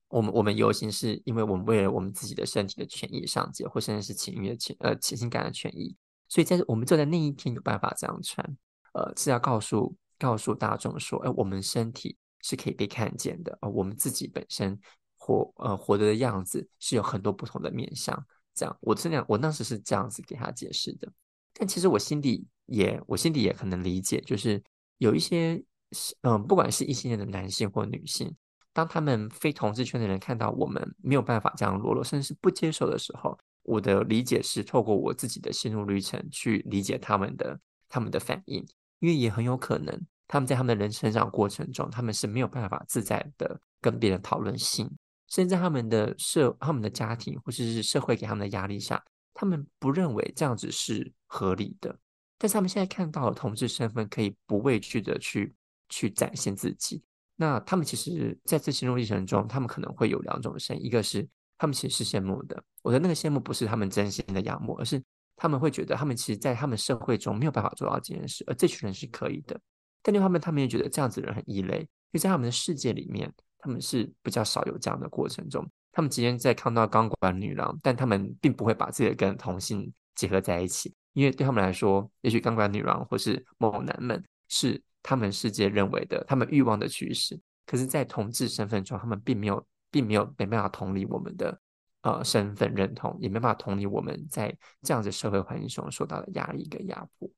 我們我們遊行是因為我們為了我們自己的身體的權益上街，或甚至是情欲的情呃情感的權益，所以在我們坐在那一天有辦法這樣穿，呃是要告訴。告訴大眾說：“哎、呃，我們身體是可以被看見的。而、呃、我們自己本身活呃活得的樣子是有很多不同的面相，這樣，我這樣，我當時是這樣子給他解釋的。但其實我心底也，我心底也很能理解，就是有一些是嗯、呃，不管是異性戀的男性或女性，當他們非同志圈的人看到我們沒有辦法這樣裸露，甚至是不接受的時候，我的理解是透過我自己的心路歷程去理解他們的他們的反應，因為也很有可能。他們在他們的人生成長過程中，他們是沒有辦法自在的跟別人討論性，甚至在他們的社、他們的家庭或者是社會給他們的壓力下，他們不認為這樣子是合理的。但是他們現在看到的同志身份可以不畏懼的去去展現自己，那他們其實在這心路歷程中，他們可能會有兩種身，一個是他們其實是羨慕的，我的那個羨慕不是他們真心的仰慕，而是他們會覺得他們其實，在他們社會中沒有辦法做到這件事，而這群人是可以的。但另外他們他們也覺得這樣子的人很異類，因為在他們的世界裡面，他們是比較少有這樣的過程中。他們之前在看到鋼管女郎，但他們並不會把自己的跟同性結合在一起，因為對他們來說，也許鋼管女郎或是猛男們是他們世界認為的他們慾望的趨勢。可是，在同志身份中，他們並沒有，並沒有沒辦法同理我們的呃身份認同，也沒辦法同理我們在這樣的社會環境中受到的壓力跟壓迫。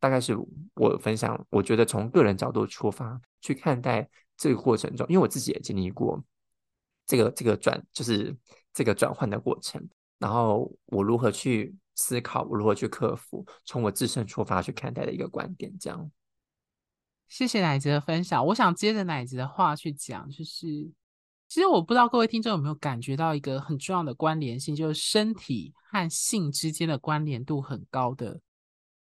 大概是我分享，我覺得從個人角度出發去看待這個過程中，因為我自己也經歷過這個這個轉，就是這個轉換的過程。然後我如何去思考，我如何去克服，從我自身出發去看待的一個觀點。這樣，謝謝奶子的分享。我想接着奶子的話去講，就是其實我不知道各位聽眾有沒有感覺到一個很重要的關聯性，就是身體和性之間的關聯度很高的。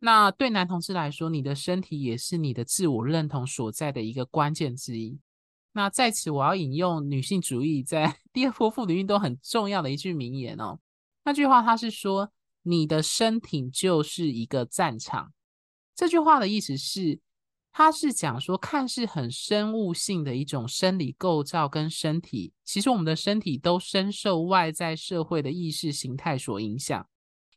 那對男同志來說，你的身體也是你的自我認同所在的一個關鍵之一。那在此，我要引用女性主義在第二波婦女運動很重要的一句名言哦。那句話它是說：“你的身體就是一個戰場。”這句話的意思是，它是講說，看似很生物性的一種生理構造跟身體，其實我們的身體都深受外在社會的意識形態所影響。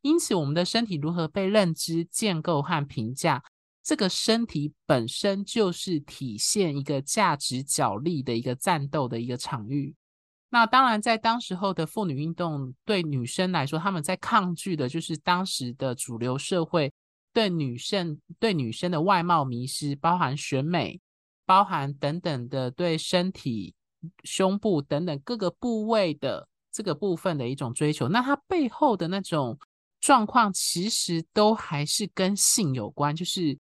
因此，我們的身體如何被認知、建構和評價，這個身體本身就是體現一個價值角力的一個戰鬥的一個場域。那當然，在當時候的婦女運動對女生來說，他們在抗拒的就是當時的主流社會對女性、對女生的外貌迷失，包含選美、包含等等的對身體、胸部等等各個部位的這個部分的一種追求。那它背後的那種。狀況其實都還是跟性有關，就是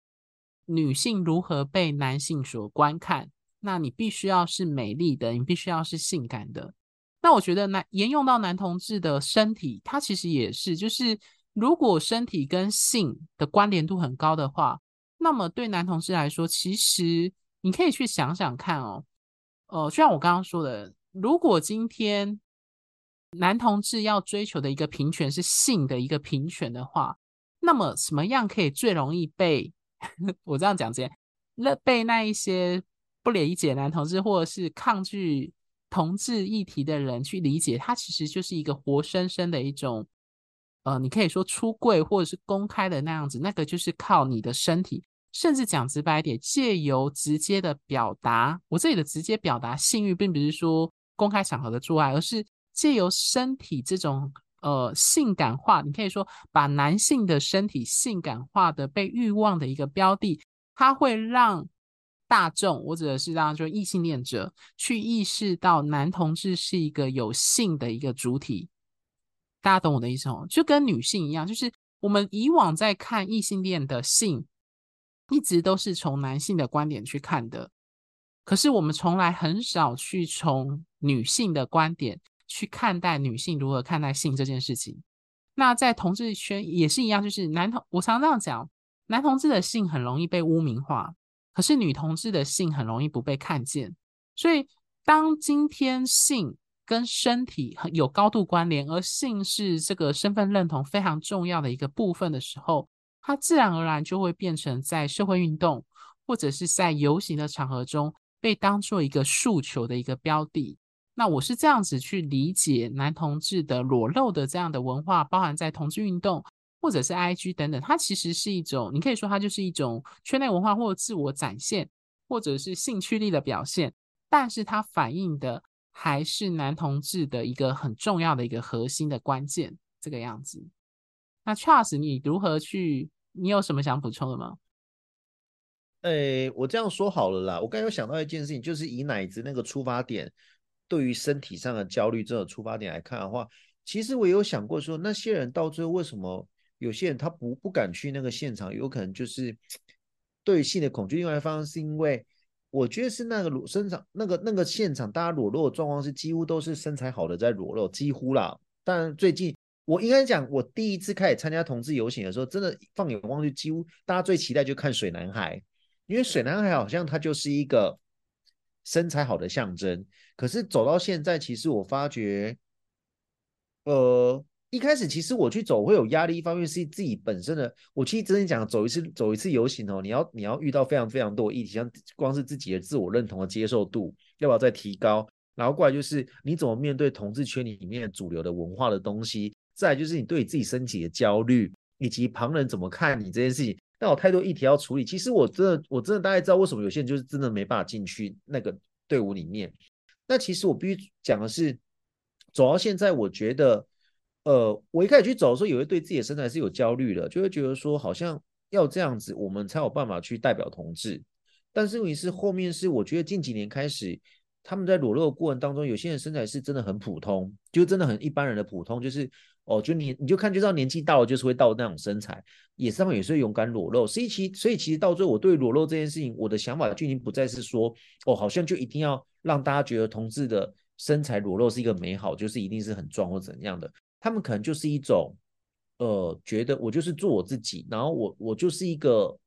女性如何被男性所觀看。那你必須要是美麗的，你必須要是性感的。那我覺得男沿用到男同志的身體，它其實也是，就是如果身體跟性的關聯度很高的話，那麼對男同志來說，其實你可以去想想看哦。呃，就像我剛剛說的，如果今天。男同志要追求的一個平權是性的一個平權的話，那麼什麼樣可以最容易被呵呵，我這樣講之前？這些那被那一些不理解男同志或者是抗拒同志議題的人去理解，他其實就是一個活生生的一種，呃，你可以說出櫃或者是公開的那樣子。那個就是靠你的身體，甚至講直白一點，借由直接的表達。我這裡的直接表達性慾，並不是說公開場合的做愛，而是。借由身體這種呃性感化，你可以說把男性的身體性感化的被欲望的一個標的，它會讓大眾，我指的是讓就是異性戀者去意識到男同志是一個有性的一個主體。大家懂我的意思嗎？就跟女性一樣，就是我們以往在看異性戀的性，一直都是從男性的觀點去看的，可是我們從來很少去從女性的觀點。去看待女性如何看待性這件事情。那在同志圈也是一樣，就是男同我常常這樣講，男同志的性很容易被污名化，可是女同志的性很容易不被看見。所以，當今天性跟身體很有高度關聯，而性是這個身份認同非常重要的一個部分的時候，它自然而然就會變成在社會運動或者是在遊行的場合中被當做一個訴求的一個標的。那我是這樣子去理解男同志的裸露的這樣的文化，包含在同志運動或者是 IG 等等，它其實是一種，你可以說它就是一種圈內文化或自我展現，或者是興趣力的表現，但是它反映的還是男同志的一個很重要的一個核心的關鍵這個樣子。那 Charles 你如何去？你有什麼想補充的嗎？哎、欸，我這樣說好了啦。我剛有想到一件事情，就是以奶子那個出發點。對於身體上的焦慮這種、個、出發點來看的話，其實我有想過說，那些人到最後為什麼有些人他不不敢去那個現場，有可能就是對性的恐懼。另外一方面是因為，我覺得是那個裸現場，那個那個現場大家裸露的狀況是幾乎都是身材好的在裸露，幾乎啦。但最近我應該講，我第一次開始參加同志遊行的時候，真的放眼望去，幾乎大家最期待就看水男孩，因為水男孩好像他就是一個。身材好的象徵，可是走到現在，其實我發覺，呃，一開始其實我去走會有壓力，一方面是自己本身的。我其實真的講，走一次走一次遊行哦，你要你要遇到非常非常多的議題，像光是自己的自我認同的接受度要不要再提高，然後過來就是你怎麼面對同志圈裡面的主流的文化的東西，再就是你對你自己身體的焦慮，以及旁人怎麼看你這件事情。那有太多議題要處理，其實我真的我真的大概知道為什麼有些人就是真的沒辦法進去那個隊伍裡面。那其實我必須講的是，走到現在，我覺得，呃，我一開始去走的時候，也會對自己的身材是有焦慮的，就會覺得說好像要這樣子，我們才有辦法去代表同志。但是問題是，後面是我覺得近幾年開始，他們在裸露的過程當中，有些人身材是真的很普通，就真的很一般人的普通，就是。哦，就你你就看就知道，年紀到了就是會到那種身材，也是他們也是勇敢裸露。所以其所以其實到最後，我對裸露這件事情，我的想法就已經不再是說，哦，好像就一定要讓大家覺得同志的身材裸露是一個美好，就是一定是很壯或怎樣的。他們可能就是一種，呃，覺得我就是做我自己，然後我我就是一個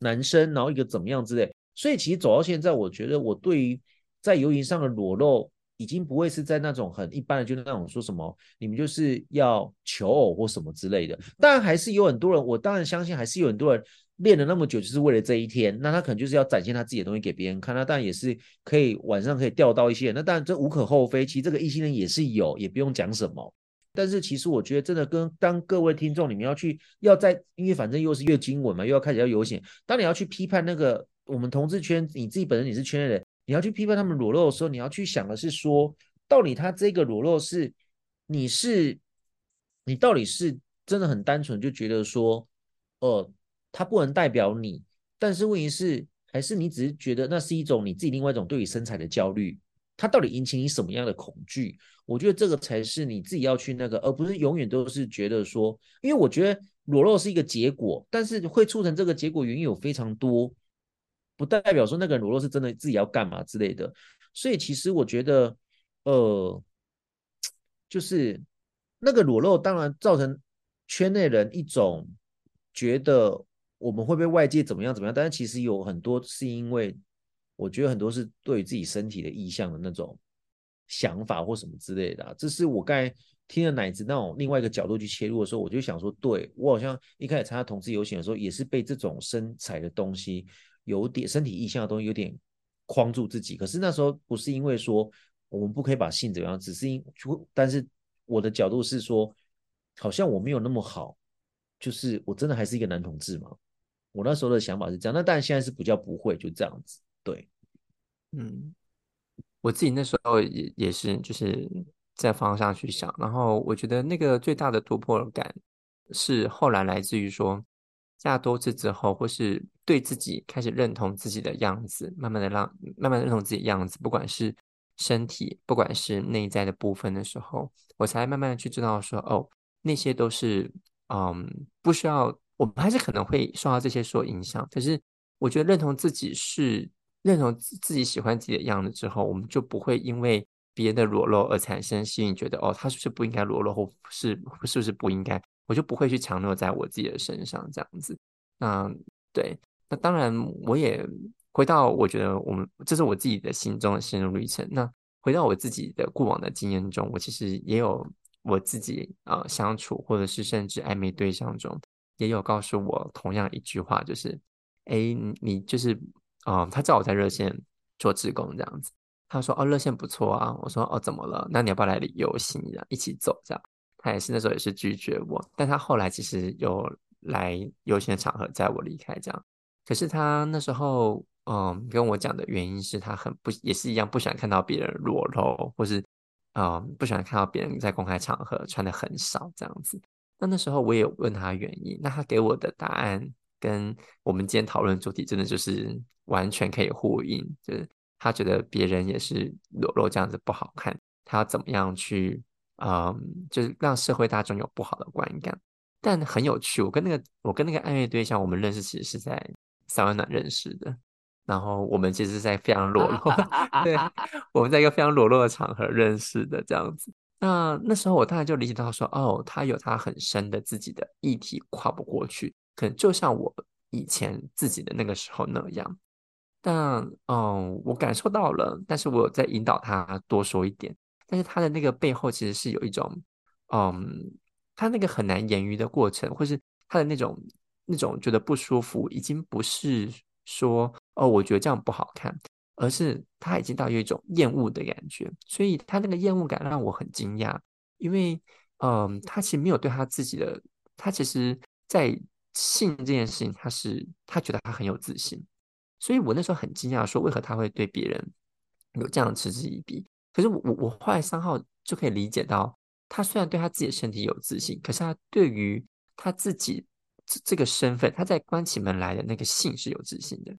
男生，然後一個怎麼樣之類。所以其實走到現在，我覺得我對於在遊行上的裸露，已經不會是在那種很一般的，就是那種說什麼你們就是要求偶或什麼之類的。當然還是有很多人，我當然相信還是有很多人練了那麼久就是為了這一天。那他可能就是要展現他自己的東西給別人看。那當然也是可以晚上可以釣到一些。那當然這無可厚非，其實這個異性戀也是有，也不用講什麼。但是其實我覺得真的跟當各位聽眾，你們要去要在，因為反正又是月經文嘛，又要開始要遊行。當你要去批判那個我們同志圈，你自己本身也是圈內人。你要去批判他們裸露的時候，你要去想的是說，到底他這個裸露是你是你到底是真的很單純，就覺得說，呃，他不能代表你。但是問題是，還是你只是覺得那是一種你自己另外一種對於身材的焦慮。他到底引起你什麼樣的恐懼？我覺得這個才是你自己要去那個，而不是永遠都是覺得說，因為我覺得裸露是一個結果，但是會促成這個結果原因有非常多。不代表說那個人裸露是真的自己要幹嘛之類的，所以其實我覺得，呃，就是那個裸露當然造成圈內人一種覺得我們會被外界怎麼樣怎麼樣，但是其實有很多是因為我覺得很多是對於自己身體的意象的那種想法或什麼之類的。這是我剛才聽了奶子那種另外一個角度去切入的時候，我就想說對，對我好像一開始參加同志遊行的時候也是被這種身材的東西，有點身體意向的東西，有點框住自己。可是那時候不是因為說我們不可以把性怎麼樣，只是因。但是我的角度是說，好像我沒有那麼好，就是我真的還是一個男同志嘛。我那時候的想法是這樣。那但現在是比較不會就這樣子。對，嗯，我自己那時候也也是就是在方向去想。然後我覺得那個最大的突破感是後來來自於說。下多次之後，或是對自己開始認同自己的樣子，慢慢的讓，慢慢的認同自己的樣子，不管是身體，不管是內在的部分的時候，我才慢慢的去知道說，哦，那些都是，嗯，不需要，我們還是可能會受到這些所影響，可是我覺得認同自己是認同自自己喜歡自己的樣子之後，我們就不會因為別人的裸露而產生心裡，覺得，哦，他是不是不應該裸露，或，是是不是不應該。我就不會去強留在我自己的身上這樣子，嗯，對，那當然我也回到我覺得我們這是我自己的心中的心路歷程。那回到我自己的過往的經驗中，我其實也有我自己呃相處或者是甚至曖昧對象中也有告訴我同樣一句話，就是哎，你就是啊、呃，他知道我在熱線做志工這樣子，他說哦，熱線不錯啊，我說哦，怎麼了？那你要不要來旅遊行一一起走這樣？他也是那時候也是拒絕我，但他後來其實有來游行的場合，載我離開這樣。可是他那時候，嗯，跟我講的原因是他很不，也是一樣不喜歡看到別人裸露，或是，嗯，不喜歡看到別人在公開場合穿的很少這樣子。那那時候我也問他原因，那他給我的答案跟我們今天討論的主題真的就是完全可以呼應，就是他覺得別人也是裸露這樣子不好看，他要怎麼樣去。嗯，就是讓社會大眾有不好的觀感，但很有趣。我跟那個我跟那個曖昧對象，我們認識其實是在三溫暖認識的，然後我們其實是在非常裸露， 對，我們在一個非常裸露的場合認識的這樣子。那那時候我當然就理解到說，哦，他有他很深的自己的議題跨不過去，可能就像我以前自己的那個時候那樣。但嗯、哦，我感受到了，但是我有在引導他多說一點。但是他的那個背後其實是有一種，嗯，他那個很難言喻的過程，或是他的那種那種覺得不舒服，已經不是說哦，我覺得這樣不好看，而是他已經到有一種厭惡的感覺。所以他那個厭惡感讓我很驚訝，因為嗯，他其實沒有對他自己的，他其實在性這件事情，他是他覺得他很有自信，所以我那時候很驚訝，說為何他會對別人有這樣的嗤之以鼻。可是我我我後來三號就可以理解到，他雖然對他自己的身體有自信，可是他對於他自己這這個身份，他在關起門來的那個性是有自信的。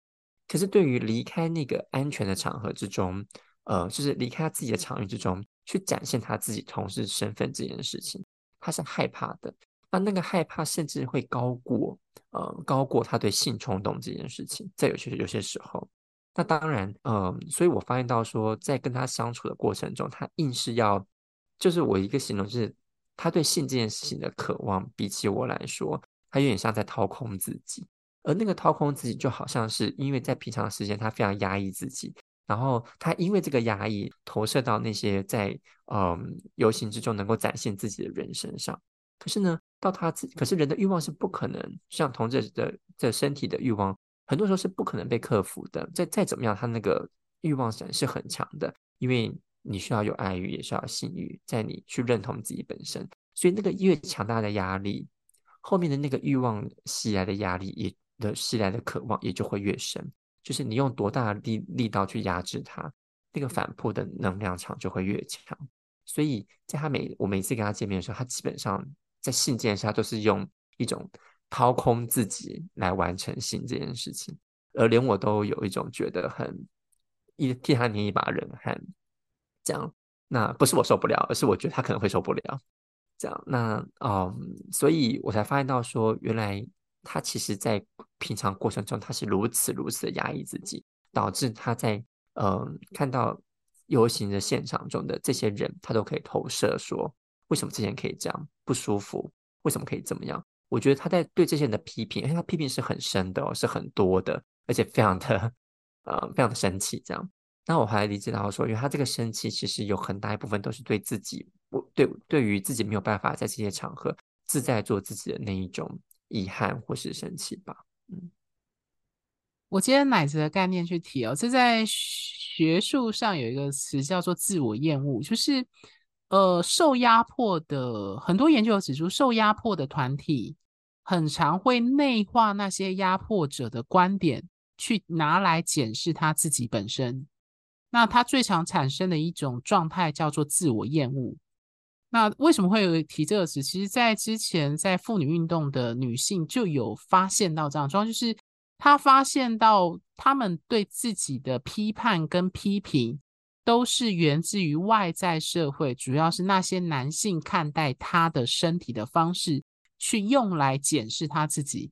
可是對於離開那個安全的場合之中，呃，就是離開他自己的場域之中，去展現他自己同志身份這件事情，他是害怕的。那那個害怕甚至會高過，呃，高過他對性衝動這件事情，在有些有些時候。那當然，嗯、呃，所以我發現到說，在跟他相處的過程中，他硬是要，就是我一個形容，就是他對性這件事情的渴望，比起我來說，他有點像在掏空自己。而那個掏空自己，就好像是因為在平常的時間，他非常壓抑自己，然後他因為這個壓抑，投射到那些在嗯、呃，遊行之中能夠展現自己的人身上。可是呢，到他自己，可是人的欲望是不可能像同志的這身體的欲望，很多時候是不可能被克服的。再再怎麼樣，他那個慾望神是很強的，因為你需要有愛慾，也需要性慾，在你去認同自己本身。所以那個越強大的壓力，後面的那個慾望襲來的壓力也的襲來的渴望也就會越深。就是你用多大的力力道去壓制他，那個反撲的能量場就會越強。所以在他每我每次跟他見面的時候，他基本上在信件上都是用一種。掏空自己來完成性這件事情，而連我都有一種覺得很一替他捏一把冷汗，這樣，那不是我受不了，而是我覺得他可能會受不了。這樣，那嗯，所以我才發現到說，原來他其實在平常過程中他是如此如此的壓抑自己，導致他在嗯、呃、看到遊行的現場中的這些人，他都可以投射說，為什麼之前可以這樣不舒服，為什麼可以怎麼樣？我覺得他在對這些人的批評，因為他批評是很深的哦，是很多的，而且非常的，呃，非常的生氣。這樣，那我還理解到說，因為他這個生氣，其實有很大一部分都是對自己，我對對於自己沒有辦法在這些場合自在做自己的那一種遺憾或是生氣吧。嗯，我接著奶子的概念去提哦，這在學術上有一個詞叫做自我厭惡，就是呃，受壓迫的很多研究指出，受壓迫的團體。很常會內化那些壓迫者的觀點，去拿來檢視他自己本身。那他最常產生的一種狀態叫做自我厭惡。那為什麼會有提這個詞？其實，在之前在婦女運動的女性就有發現到這樣狀況，就是她發現到她們對自己的批判跟批評，都是源自於外在社會，主要是那些男性看待她的身體的方式。去用來檢視他自己，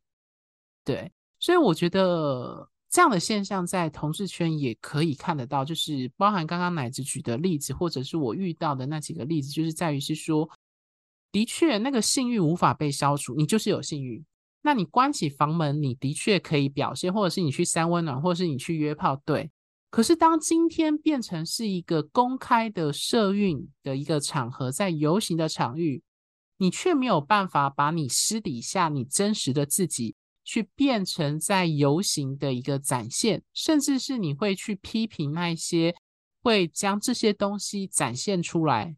對，所以我覺得這樣的現象在同志圈也可以看得到，就是包含剛剛奶子舉的例子，或者是我遇到的那幾個例子，就是在於是說，的確那個性慾，無法被消除，你就是有性慾，那你關起房門，你的確可以表現，或者是你去三溫暖，或者是你去約炮，對。可是當今天變成是一個公開的社運的一個場合，在遊行的場域，你卻沒有辦法把你私底下你真實的自己去變成在遊行的一個展現，甚至是你會去批評那些會將這些東西展現出來，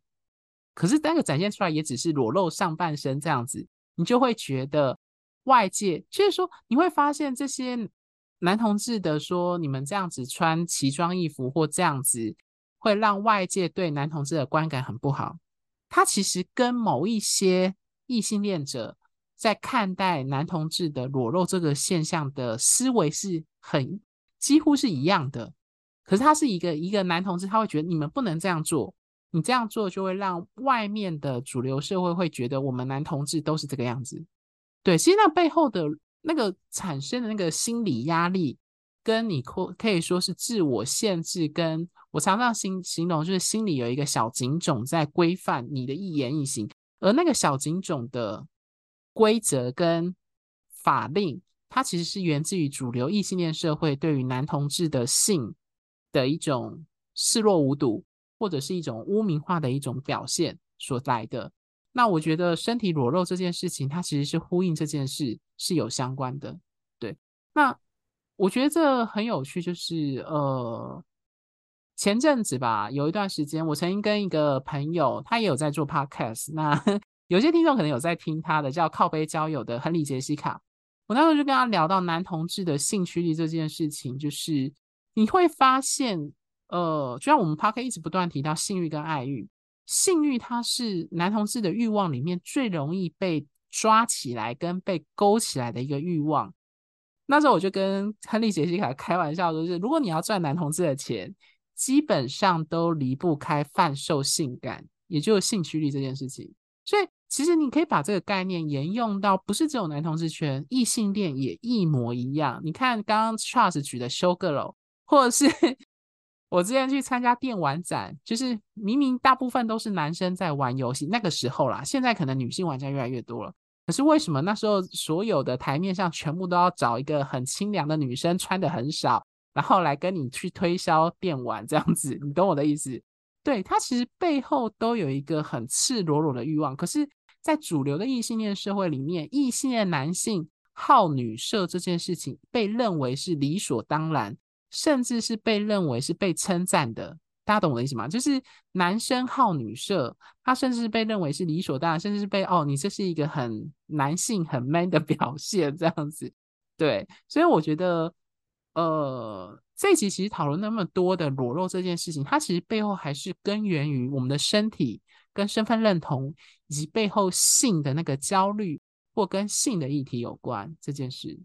可是那個展現出來也只是裸露上半身這樣子，你就會覺得外界就是說你會發現這些男同志的說你們這樣子穿奇裝異服或這樣子會讓外界對男同志的觀感很不好，他其實跟某一些異性戀者在看待男同志的裸露這個現象的思維是很幾乎是一樣的。可是他是一個一個男同志，他會覺得你們不能這樣做，你這樣做就會讓外面的主流社會會會覺得我們男同志都是這個樣子。對，其實那背後的那個產生的那個心理壓力，跟你可可以說是自我限制跟。我常常形形容，就是心裡有一個小警總在規範你的一言一行，而那個小警總的規則跟法令，它其實是源自於主流異性戀社會對於男同志的性的一種視若無睹，或者是一種汙名化的一種表現所來的。那我覺得身體裸露這件事情，它其實是呼應這件事是有相關的。對，那我覺得這很有趣，就是呃。前陣子吧，有一段時間，我曾經跟一個朋友，他也有在做 podcast。那有些聽眾可能有在聽他的，叫靠杯交友的亨利·杰西卡。我那時候就跟他聊到男同志的性驅力這件事情，就是你會發現，呃，就像我們 podcast 一直不斷提到性欲跟愛欲，性欲它是男同志的欲望裡面最容易被抓起來跟被勾起來的一個欲望。那時候我就跟亨利·杰西卡開玩笑說，就是如果你要賺男同志的錢。基本上都離不開販售性感，也就是性趣力這件事情。所以，其實你可以把這個概念沿用到不是只有男同志圈，異性戀也一模一樣。你看剛剛 Charles 舉的 show girl，或者是 我之前去參加電玩展，就是明明大部分都是男生在玩遊戲，那個時候啦。現在可能女性玩家越來越多了，可是為什麼那時候所有的台面上全部都要找一個很清涼的女生，穿得很少？然後來跟你去推銷電玩這樣子，你懂我的意思？對，他其實背後都有一個很赤裸裸的慾望，可是，在主流的異性戀社會裡面，異性戀男性好女色這件事情被認為是理所當然，甚至是被認為是被稱讚的。大家懂我的意思嗎？就是男生好女色，他甚至是被認為是理所當然，甚至是被哦，你這是一個很男性很 man 的表現這樣子。對，所以我覺得。呃，這一集其實討論那麼多的裸露這件事情，它其實背後還是根源於我們的身體跟身份認同，以及背後性的那個焦慮或跟性的議題有關這件事。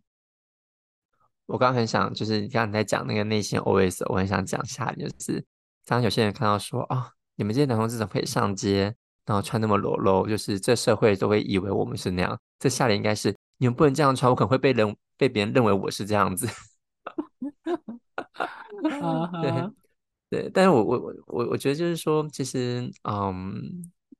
我剛剛很想就是你剛你在講那個內心 OS，我很想講下，就是當有些人看到說啊、哦，你們這些男同志怎麼可以上街，然後穿那麼裸露，就是這社會都會以為我們是那樣。這下聯應該是你們不能這樣穿，我可能會被人被別人認為我是這樣子。 對對，但是我我我我我覺得就是說，其實，嗯，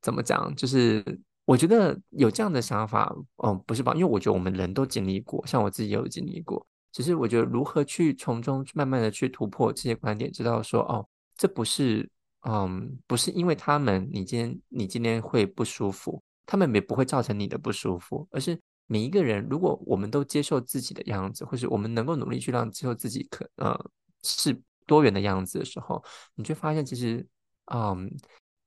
怎麼講，就是我覺得有這樣的想法，嗯，不是吧？因為我覺得我們人都經歷過，像我自己也有經歷過。其實我覺得如何去從中慢慢的去突破這些觀點，知道說，哦，這不是，嗯，不是因為他們，你今天你今天會不舒服，他們也不會造成你的不舒服，而是每一個人，如果我們都接受自己的樣子，或是我們能夠努力去讓接受自己可，可、嗯、呃。是多元的樣子的時候，你就發現其實，嗯，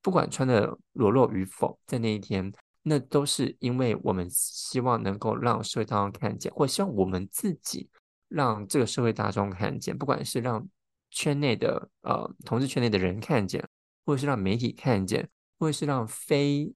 不管穿的裸露與否，在那一天，那都是因為我們希望能夠讓社會大眾看見，或希望我們自己讓這個社會大眾看見，不管是讓圈內的呃同志圈內的人看見，或者是讓媒體看見，或者是讓非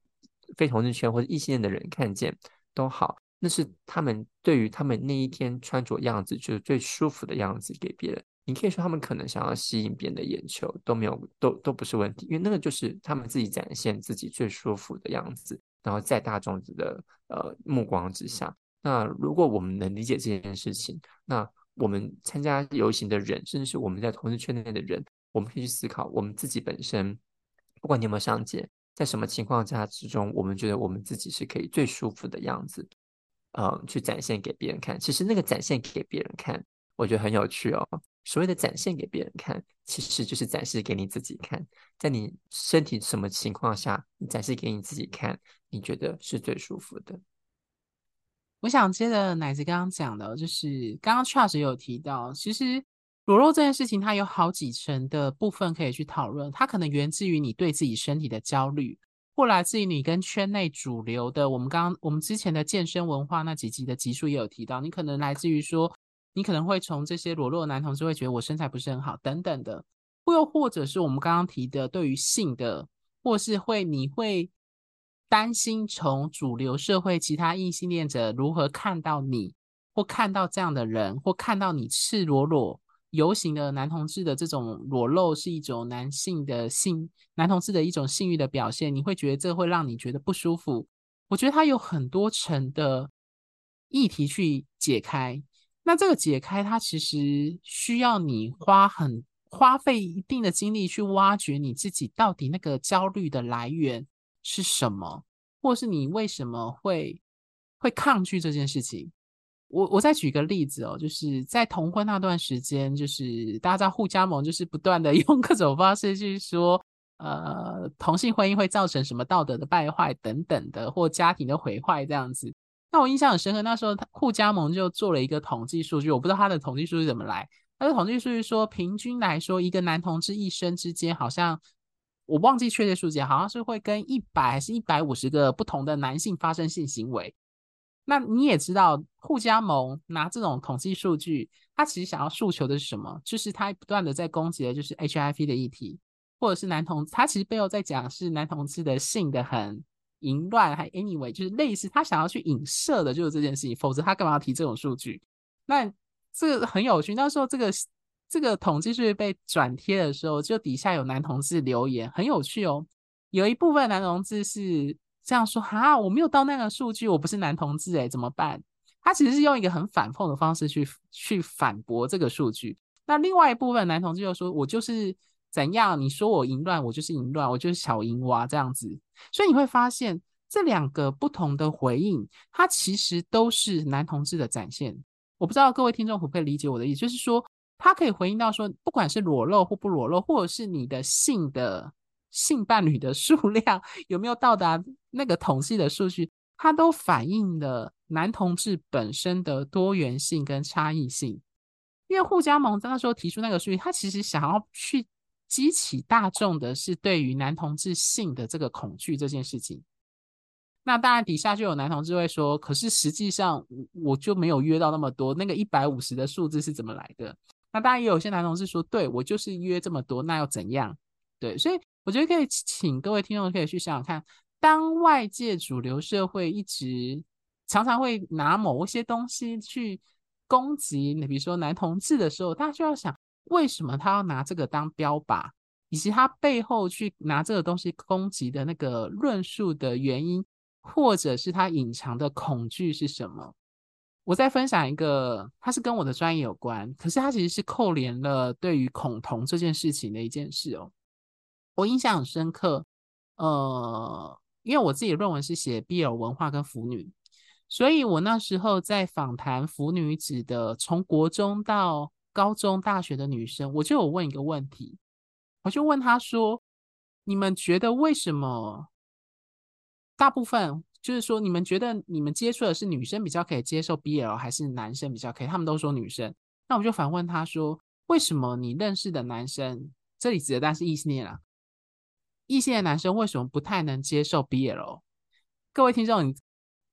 非同志圈或者異性戀的人看見，都好，那是他們對於他們那一天穿着樣子就是最舒服的樣子給別人。你可以說他們可能想要吸引別人的眼球，都沒有，都都不是問題，因為那個就是他們自己展現自己最舒服的樣子，然後在大眾的呃目光之下。那如果我們能理解這件事情，那我們參加遊行的人，甚至是我們在同志圈內的人，我們可以去思考我們自己本身，不管你有沒有上街，在什麼情況下之中，我們覺得我們自己是可以最舒服的樣子，嗯、呃，去展現給別人看。其實那個展現給別人看。我覺得很有趣哦。所謂的展現給別人看，其實就是展示給你自己看。在你身體什麼情況下，你展示給你自己看，你覺得是最舒服的？我想接着奶子剛剛講的，就是剛剛 Charles 有提到，其實裸露這件事情，它有好幾層的部分可以去討論。它可能源自於你對自己身體的焦慮，或來自於你跟圈內主流的。我們剛剛，我們之前的健身文化那幾集的集數也有提到，你可能來自於說。你可能會從這些裸露的男同志會覺得我身材不是很好等等的，或又或者是我們剛剛提的對於性的，或是會你會擔心從主流社會其他異性戀者如何看到你，或看到這樣的人，或看到你赤裸裸遊行的男同志的這種裸露是一種男性的性男同志的一種性欲的表現，你會覺得這會讓你覺得不舒服。我覺得它有很多層的議題去解開。那這個解開，它其實需要你花很花費一定的精力去挖掘你自己到底那個焦慮的來源是什麼，或是你為什麼會會抗拒這件事情。我我再舉一個例子哦，就是在同婚那段時間，就是大家在護家盟，就是不斷的用各種方式去說，呃，同性婚姻會造成什麼道德的敗壞等等的，或家庭的毀壞這樣子。那我印象很深刻，那時候他護家盟就做了一個統計數據，我不知道他的統計數據怎麼來。他的統計數據說，平均來說，一個男同志一生之間，好像我忘記確切數字，好像是會跟一百還是一百五十個不同的男性發生性行為。那你也知道，護家盟拿這種統計數據，他其實想要訴求的是什麼？就是他不斷的在攻擊的就是 HIV 的議題，或者是男同，他其實背後在講是男同志的性的很。淫亂還 anyway，就是類似他想要去影射的就是這件事情，否則他幹嘛要提這種數據？那這個很有趣。那時候這個這個統計數據被轉貼的時候，就底下有男同志留言，很有趣哦。有一部分男同志是這樣說：哈、啊，我沒有到那個數據，我不是男同志，哎，怎麼辦？他其實是用一個很反諷的方式去去反駁這個數據。那另外一部分男同志又說，我就是。怎樣？你說我淫亂，我就是淫亂，我就是小淫娃這樣子。所以你會發現這兩個不同的回應，它其實都是男同志的展現。我不知道各位聽眾可不可以理解我的意思，就是說他可以回應到說，不管是裸露或不裸露，或者是你的性的性伴侶的數量有沒有到達那個統計的數據，它都反映了男同志本身的多元性跟差異性。因為護家盟在那時候提出那個數據，他其實想要去。激起大眾的是對於男同志性的這個恐懼這件事情。那當然底下就有男同志會說：“可是實際上我就沒有約到那麼多，那個一百五十的數字是怎麼來的？”那當然也有些男同志說：“對，我就是約這麼多，那又怎樣？”對，所以我覺得可以請各位聽眾可以去想想看，當外界主流社會一直常常會拿某一些東西去攻擊，你比如說男同志的時候，大家就要想。為什麼他要拿這個當標靶，以及他背後去拿這個東西攻擊的那個論述的原因，或者是他隱藏的恐懼是什麼？我再分享一個，它是跟我的專業有關，可是它其實是扣連了對於恐同這件事情的一件事哦。我印象很深刻，呃，因為我自己的論文是寫 BL 文化跟腐女，所以我那時候在訪談腐女子的，從國中到，高中、大學的女生，我就有問一個問題，我就問他說：“你們覺得為什麼大部分，就是說你們覺得你們接觸的是女生比較可以接受 BL，還是男生比較可以？”他們都說女生。那我就反問他說：“為什麼你認識的男生，這裡指的當然是異性戀了，異性戀男生為什麼不太能接受 BL？” 各位聽眾，你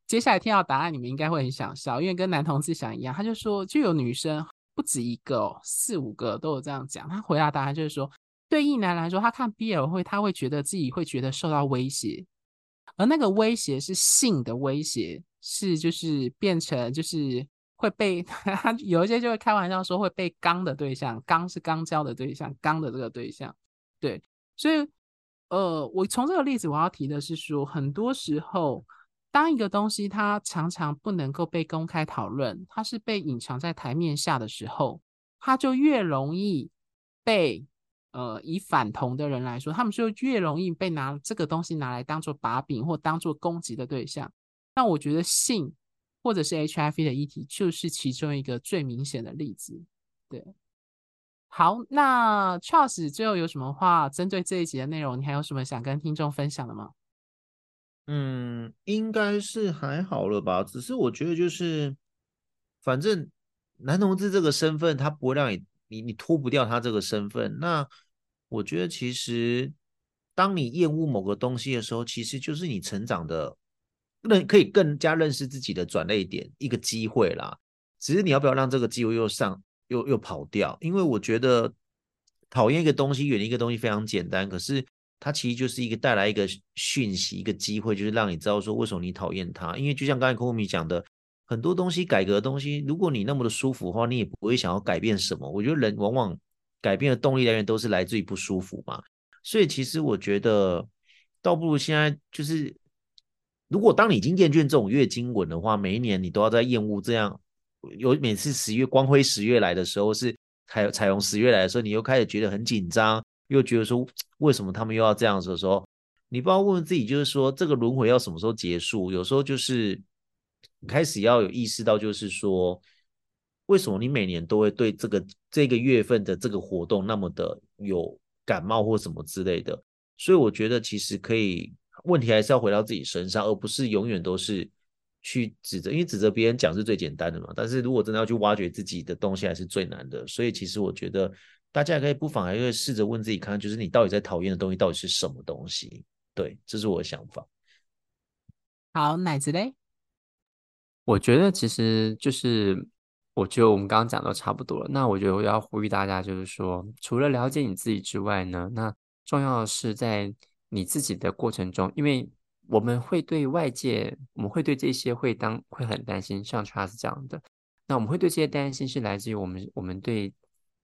接下來聽到答案，你們應該會很想笑，因為跟男同志想一樣，他就說就有女生。不止一個、哦，四五個都有這樣講。他回答答案就是說，對異男來說，他看 BL 會，他會覺得自己會覺得受到威脅，而那個威脅是性的威脅，是就是變成就是會被他 有一些就會開玩笑說會被肛的對象，肛是肛交的對象，肛的這個對象。對，所以呃，我從這個例子我要提的是說，很多時候。當一個東西它常常不能夠被公開討論，它是被隱藏在台面下的時候，它就越容易被呃以反同的人來說，他們就越容易被拿這個東西拿來當做把柄或當做攻擊的對象。那我覺得性或者是 HIV 的議題就是其中一個最明顯的例子。對，好，那 Charles 最後有什麼話針對這一集的內容，你還有什麼想跟聽眾分享的嗎？嗯，應該是還好了吧。只是我覺得，就是反正男同志這個身份，他不會讓你你你脫不掉他這個身份。那我覺得，其實當你厭惡某個東西的時候，其實就是你成長的能可以更加認識自己的轉捩點一個機會啦。只是你要不要讓這個機會又上又又跑掉？因為我覺得討厭一個東西，遠離一個東西非常簡單。可是。它其實就是一個帶來一個訊息，一個機會，就是讓你知道說，為什麼你討厭它。因為就像剛才空空米講的，很多東西、改革的東西，如果你那麼的舒服的話，你也不會想要改變什麼？我覺得人往往改變的動力來源都是來自於不舒服嘛。所以其實我覺得，倒不如現在就是，如果當你已經厭倦這種月經文的話，每一年你都要在厭惡這樣，有每次十月光輝十月來的時候是彩彩虹十月來的時候，你又開始覺得很緊張。又覺得說，為什麼他們又要這樣子的時候，你不要問問自己，就是說這個輪迴要什麼時候結束？有時候就是開始要有意識到，就是說為什麼你每年都會對這個這個月份的這個活動那麼的有感冒或什麼之類的。所以我覺得其實可以，問題還是要回到自己身上，而不是永遠都是去指責，因為指責別人講是最簡單的嘛。但是如果真的要去挖掘自己的東西，還是最難的。所以其實我覺得。大家也可以不妨，還可以試着問自己看看，就是你到底在討厭的東西到底是什麼東西？對，這是我的想法。好，奶子嘞，我覺得其實就是，我覺得我們剛剛講的差不多了。那我覺得我要呼籲大家，就是說，除了了解你自己之外呢，那重要的是在你自己的過程中，因為我們會對外界，我們會對這些會當會很擔心。像 Charles 這樣的，那我們會對這些擔心是來自於我們我們對。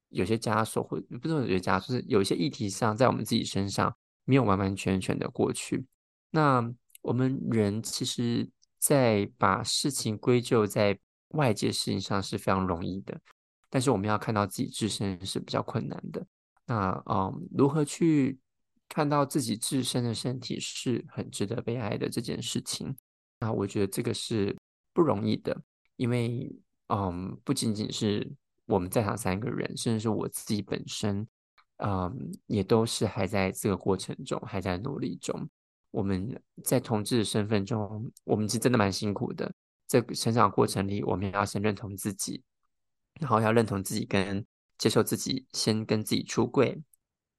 有些枷鎖或不是有些枷鎖，是有一些議題上在我們自己身上沒有完完全全的過去。那我們人其實，在把事情歸咎在外界事情上是非常容易的，但是我們要看到自己自身是比較困難的。那嗯，如何去看到自己自身的身體是很值得被愛的這件事情？那我覺得這個是不容易的，因為嗯，不僅僅是。我們在場三個人，甚至是我自己本身，嗯，也都是還在這個過程中，還在努力中。我們在同志的身份中，我們其實真的蠻辛苦的。在成長過程裡，我們也要先認同自己，然後要認同自己跟接受自己，先跟自己出櫃。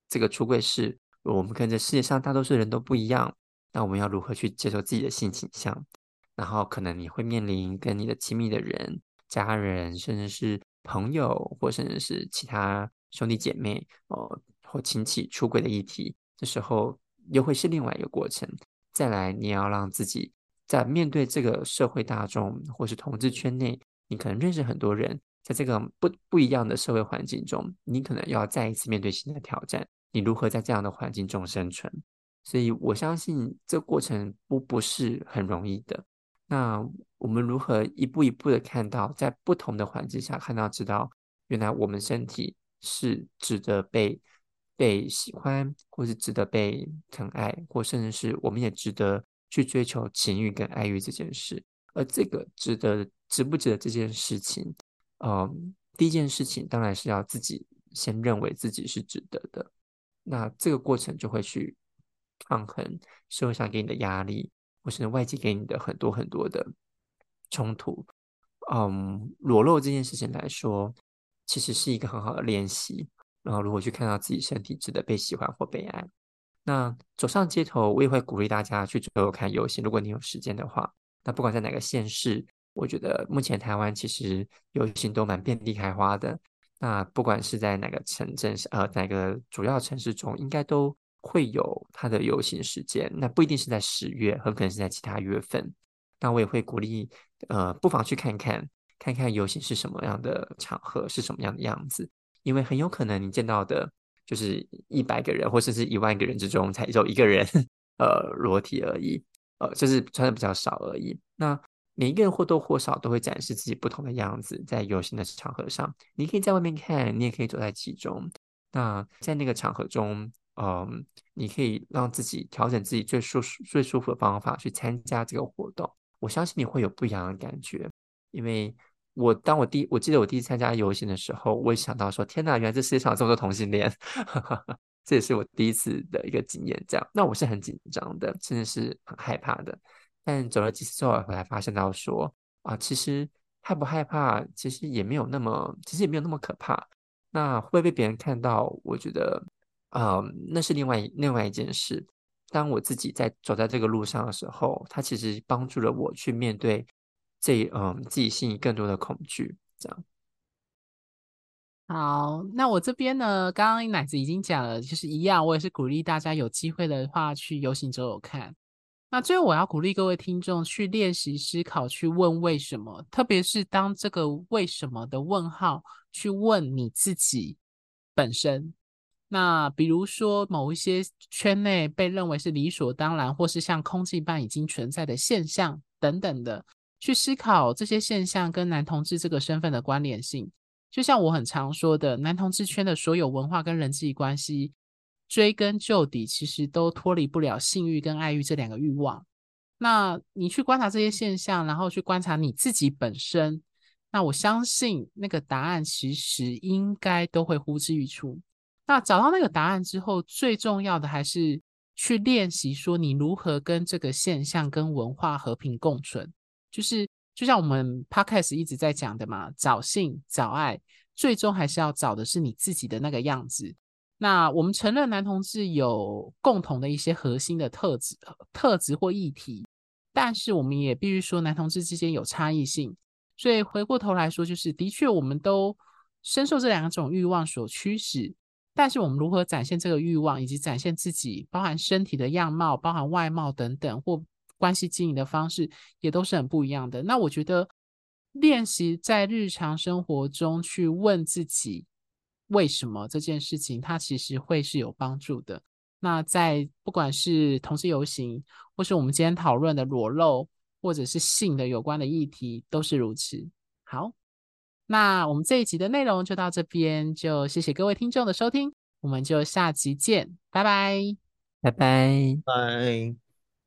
這個出櫃是，我們跟這世界上大多數人都不一樣。那我們要如何去接受自己的性傾向？然後可能你會面臨跟你的親密的人、家人，甚至是朋友或甚至是其他兄弟姐妹，哦或親戚出軌的議題，這時候又會是另外一個過程。再來，你也要讓自己在面對這個社會大眾或是同志圈內，你可能認識很多人，在這個不不一樣的社會環境中，你可能要再一次面對新的挑戰。你如何在這樣的環境中生存？所以我相信這過程不不是很容易的。那我們如何一步一步的看到，在不同的環境下看到，知道原來我們身體是值得被被喜歡，或是值得被疼愛，或甚至是我們也值得去追求情欲跟愛欲這件事。而這個值得值不值得這件事情，嗯、呃，第一件事情當然是要自己先認為自己是值得的，那這個過程就會去抗衡社會上給你的壓力。或是外界給你的很多很多的衝突，嗯，um，裸露這件事情來說，其實是一個很好的練習。然後，如果去看到自己身體值得被喜歡或被愛，那走上街頭，我也會鼓勵大家去左右看遊行。如果你有時間的話，那不管在哪個縣市，我覺得目前台灣其實遊行都蠻遍地開花的。那不管是在哪個城鎮，呃、哪個主要城市中，應該都會有它的遊行時間，那不一定是在十月，很可能是在其他月份。那我也會鼓勵，呃，不妨去看看，看看遊行是什麼樣的場合，是什麼樣的樣子。因為很有可能你見到的，就是一百個人，或者是一萬個人之中，才有一個人，呃，裸體而已，呃，就是穿得比較少而已。那每一個人或多或少都會展示自己不同的樣子，在遊行的場合上，你可以在外面看，你也可以走在其中。那在那個場合中。嗯，你可以讓自己調整自己最舒最舒服的方法去參加這個活動。我相信你會有不一樣的感覺，因為我當我第一我記得我第一次參加遊行的時候，我也想到說天哪，原來這世界上有這麼多同性戀， 這也是我第一次的一個經驗。這樣，那我是很緊張的，甚至是很害怕的。但走了幾次之後我才發現到說啊，其實害不害怕，其實也沒有那麼，其實也沒有那麼可怕。那會不會被別人看到，我覺得。啊、嗯，那是另外另外一件事。當我自己在走在這個路上的時候，它其實幫助了我去面對這嗯自己心裡更多的恐懼。這樣。好，那我這邊呢，剛剛奶子已經講了，就是一樣，我也是鼓勵大家有機會的話去遊行走走看。那最後，我要鼓勵各位聽眾去練習思考，去問為什麼，特別是當這個為什麼的問號去問你自己本身。那比如說，某一些圈內被認為是理所當然，或是像空氣般，已經存在的現象等等的，去思考這些現象跟男同志這個身份的關聯性。就像我很常說的，男同志圈的所有文化跟人際關係，追根究底，其實都脫離不了性慾跟愛慾這兩個慾望。那你去觀察這些現象，然後去觀察你自己本身，那我相信那個答案其實應該都會呼之欲出。那找到那個答案之後，最重要的還是去練習，說你如何跟這個現象、跟文化和平共存。就是就像我們 Podcast 一直在講的嘛，找性找愛，最終還是要找的是你自己的那個樣子。那我們承認男同志有共同的一些核心的特質、特質或議題，但是我們也必須說，男同志之間有差異性。所以回過頭來說，就是的確，我們都深受這兩種慾望所驅使。但是我們如何展現這個慾望，以及展現自己，包含身體的樣貌、包含外貌等等，或關係經營的方式，也都是很不一樣的。那我覺得練習在日常生活中去問自己為什麼這件事情，它其實會是有幫助的。那在不管是同志遊行，或是我們今天討論的裸露，或者是性的有關的議題，都是如此。好。那我們這一集的內容就到這邊，就謝謝各位聽眾的收聽，我們就下集見，拜拜，拜拜，拜。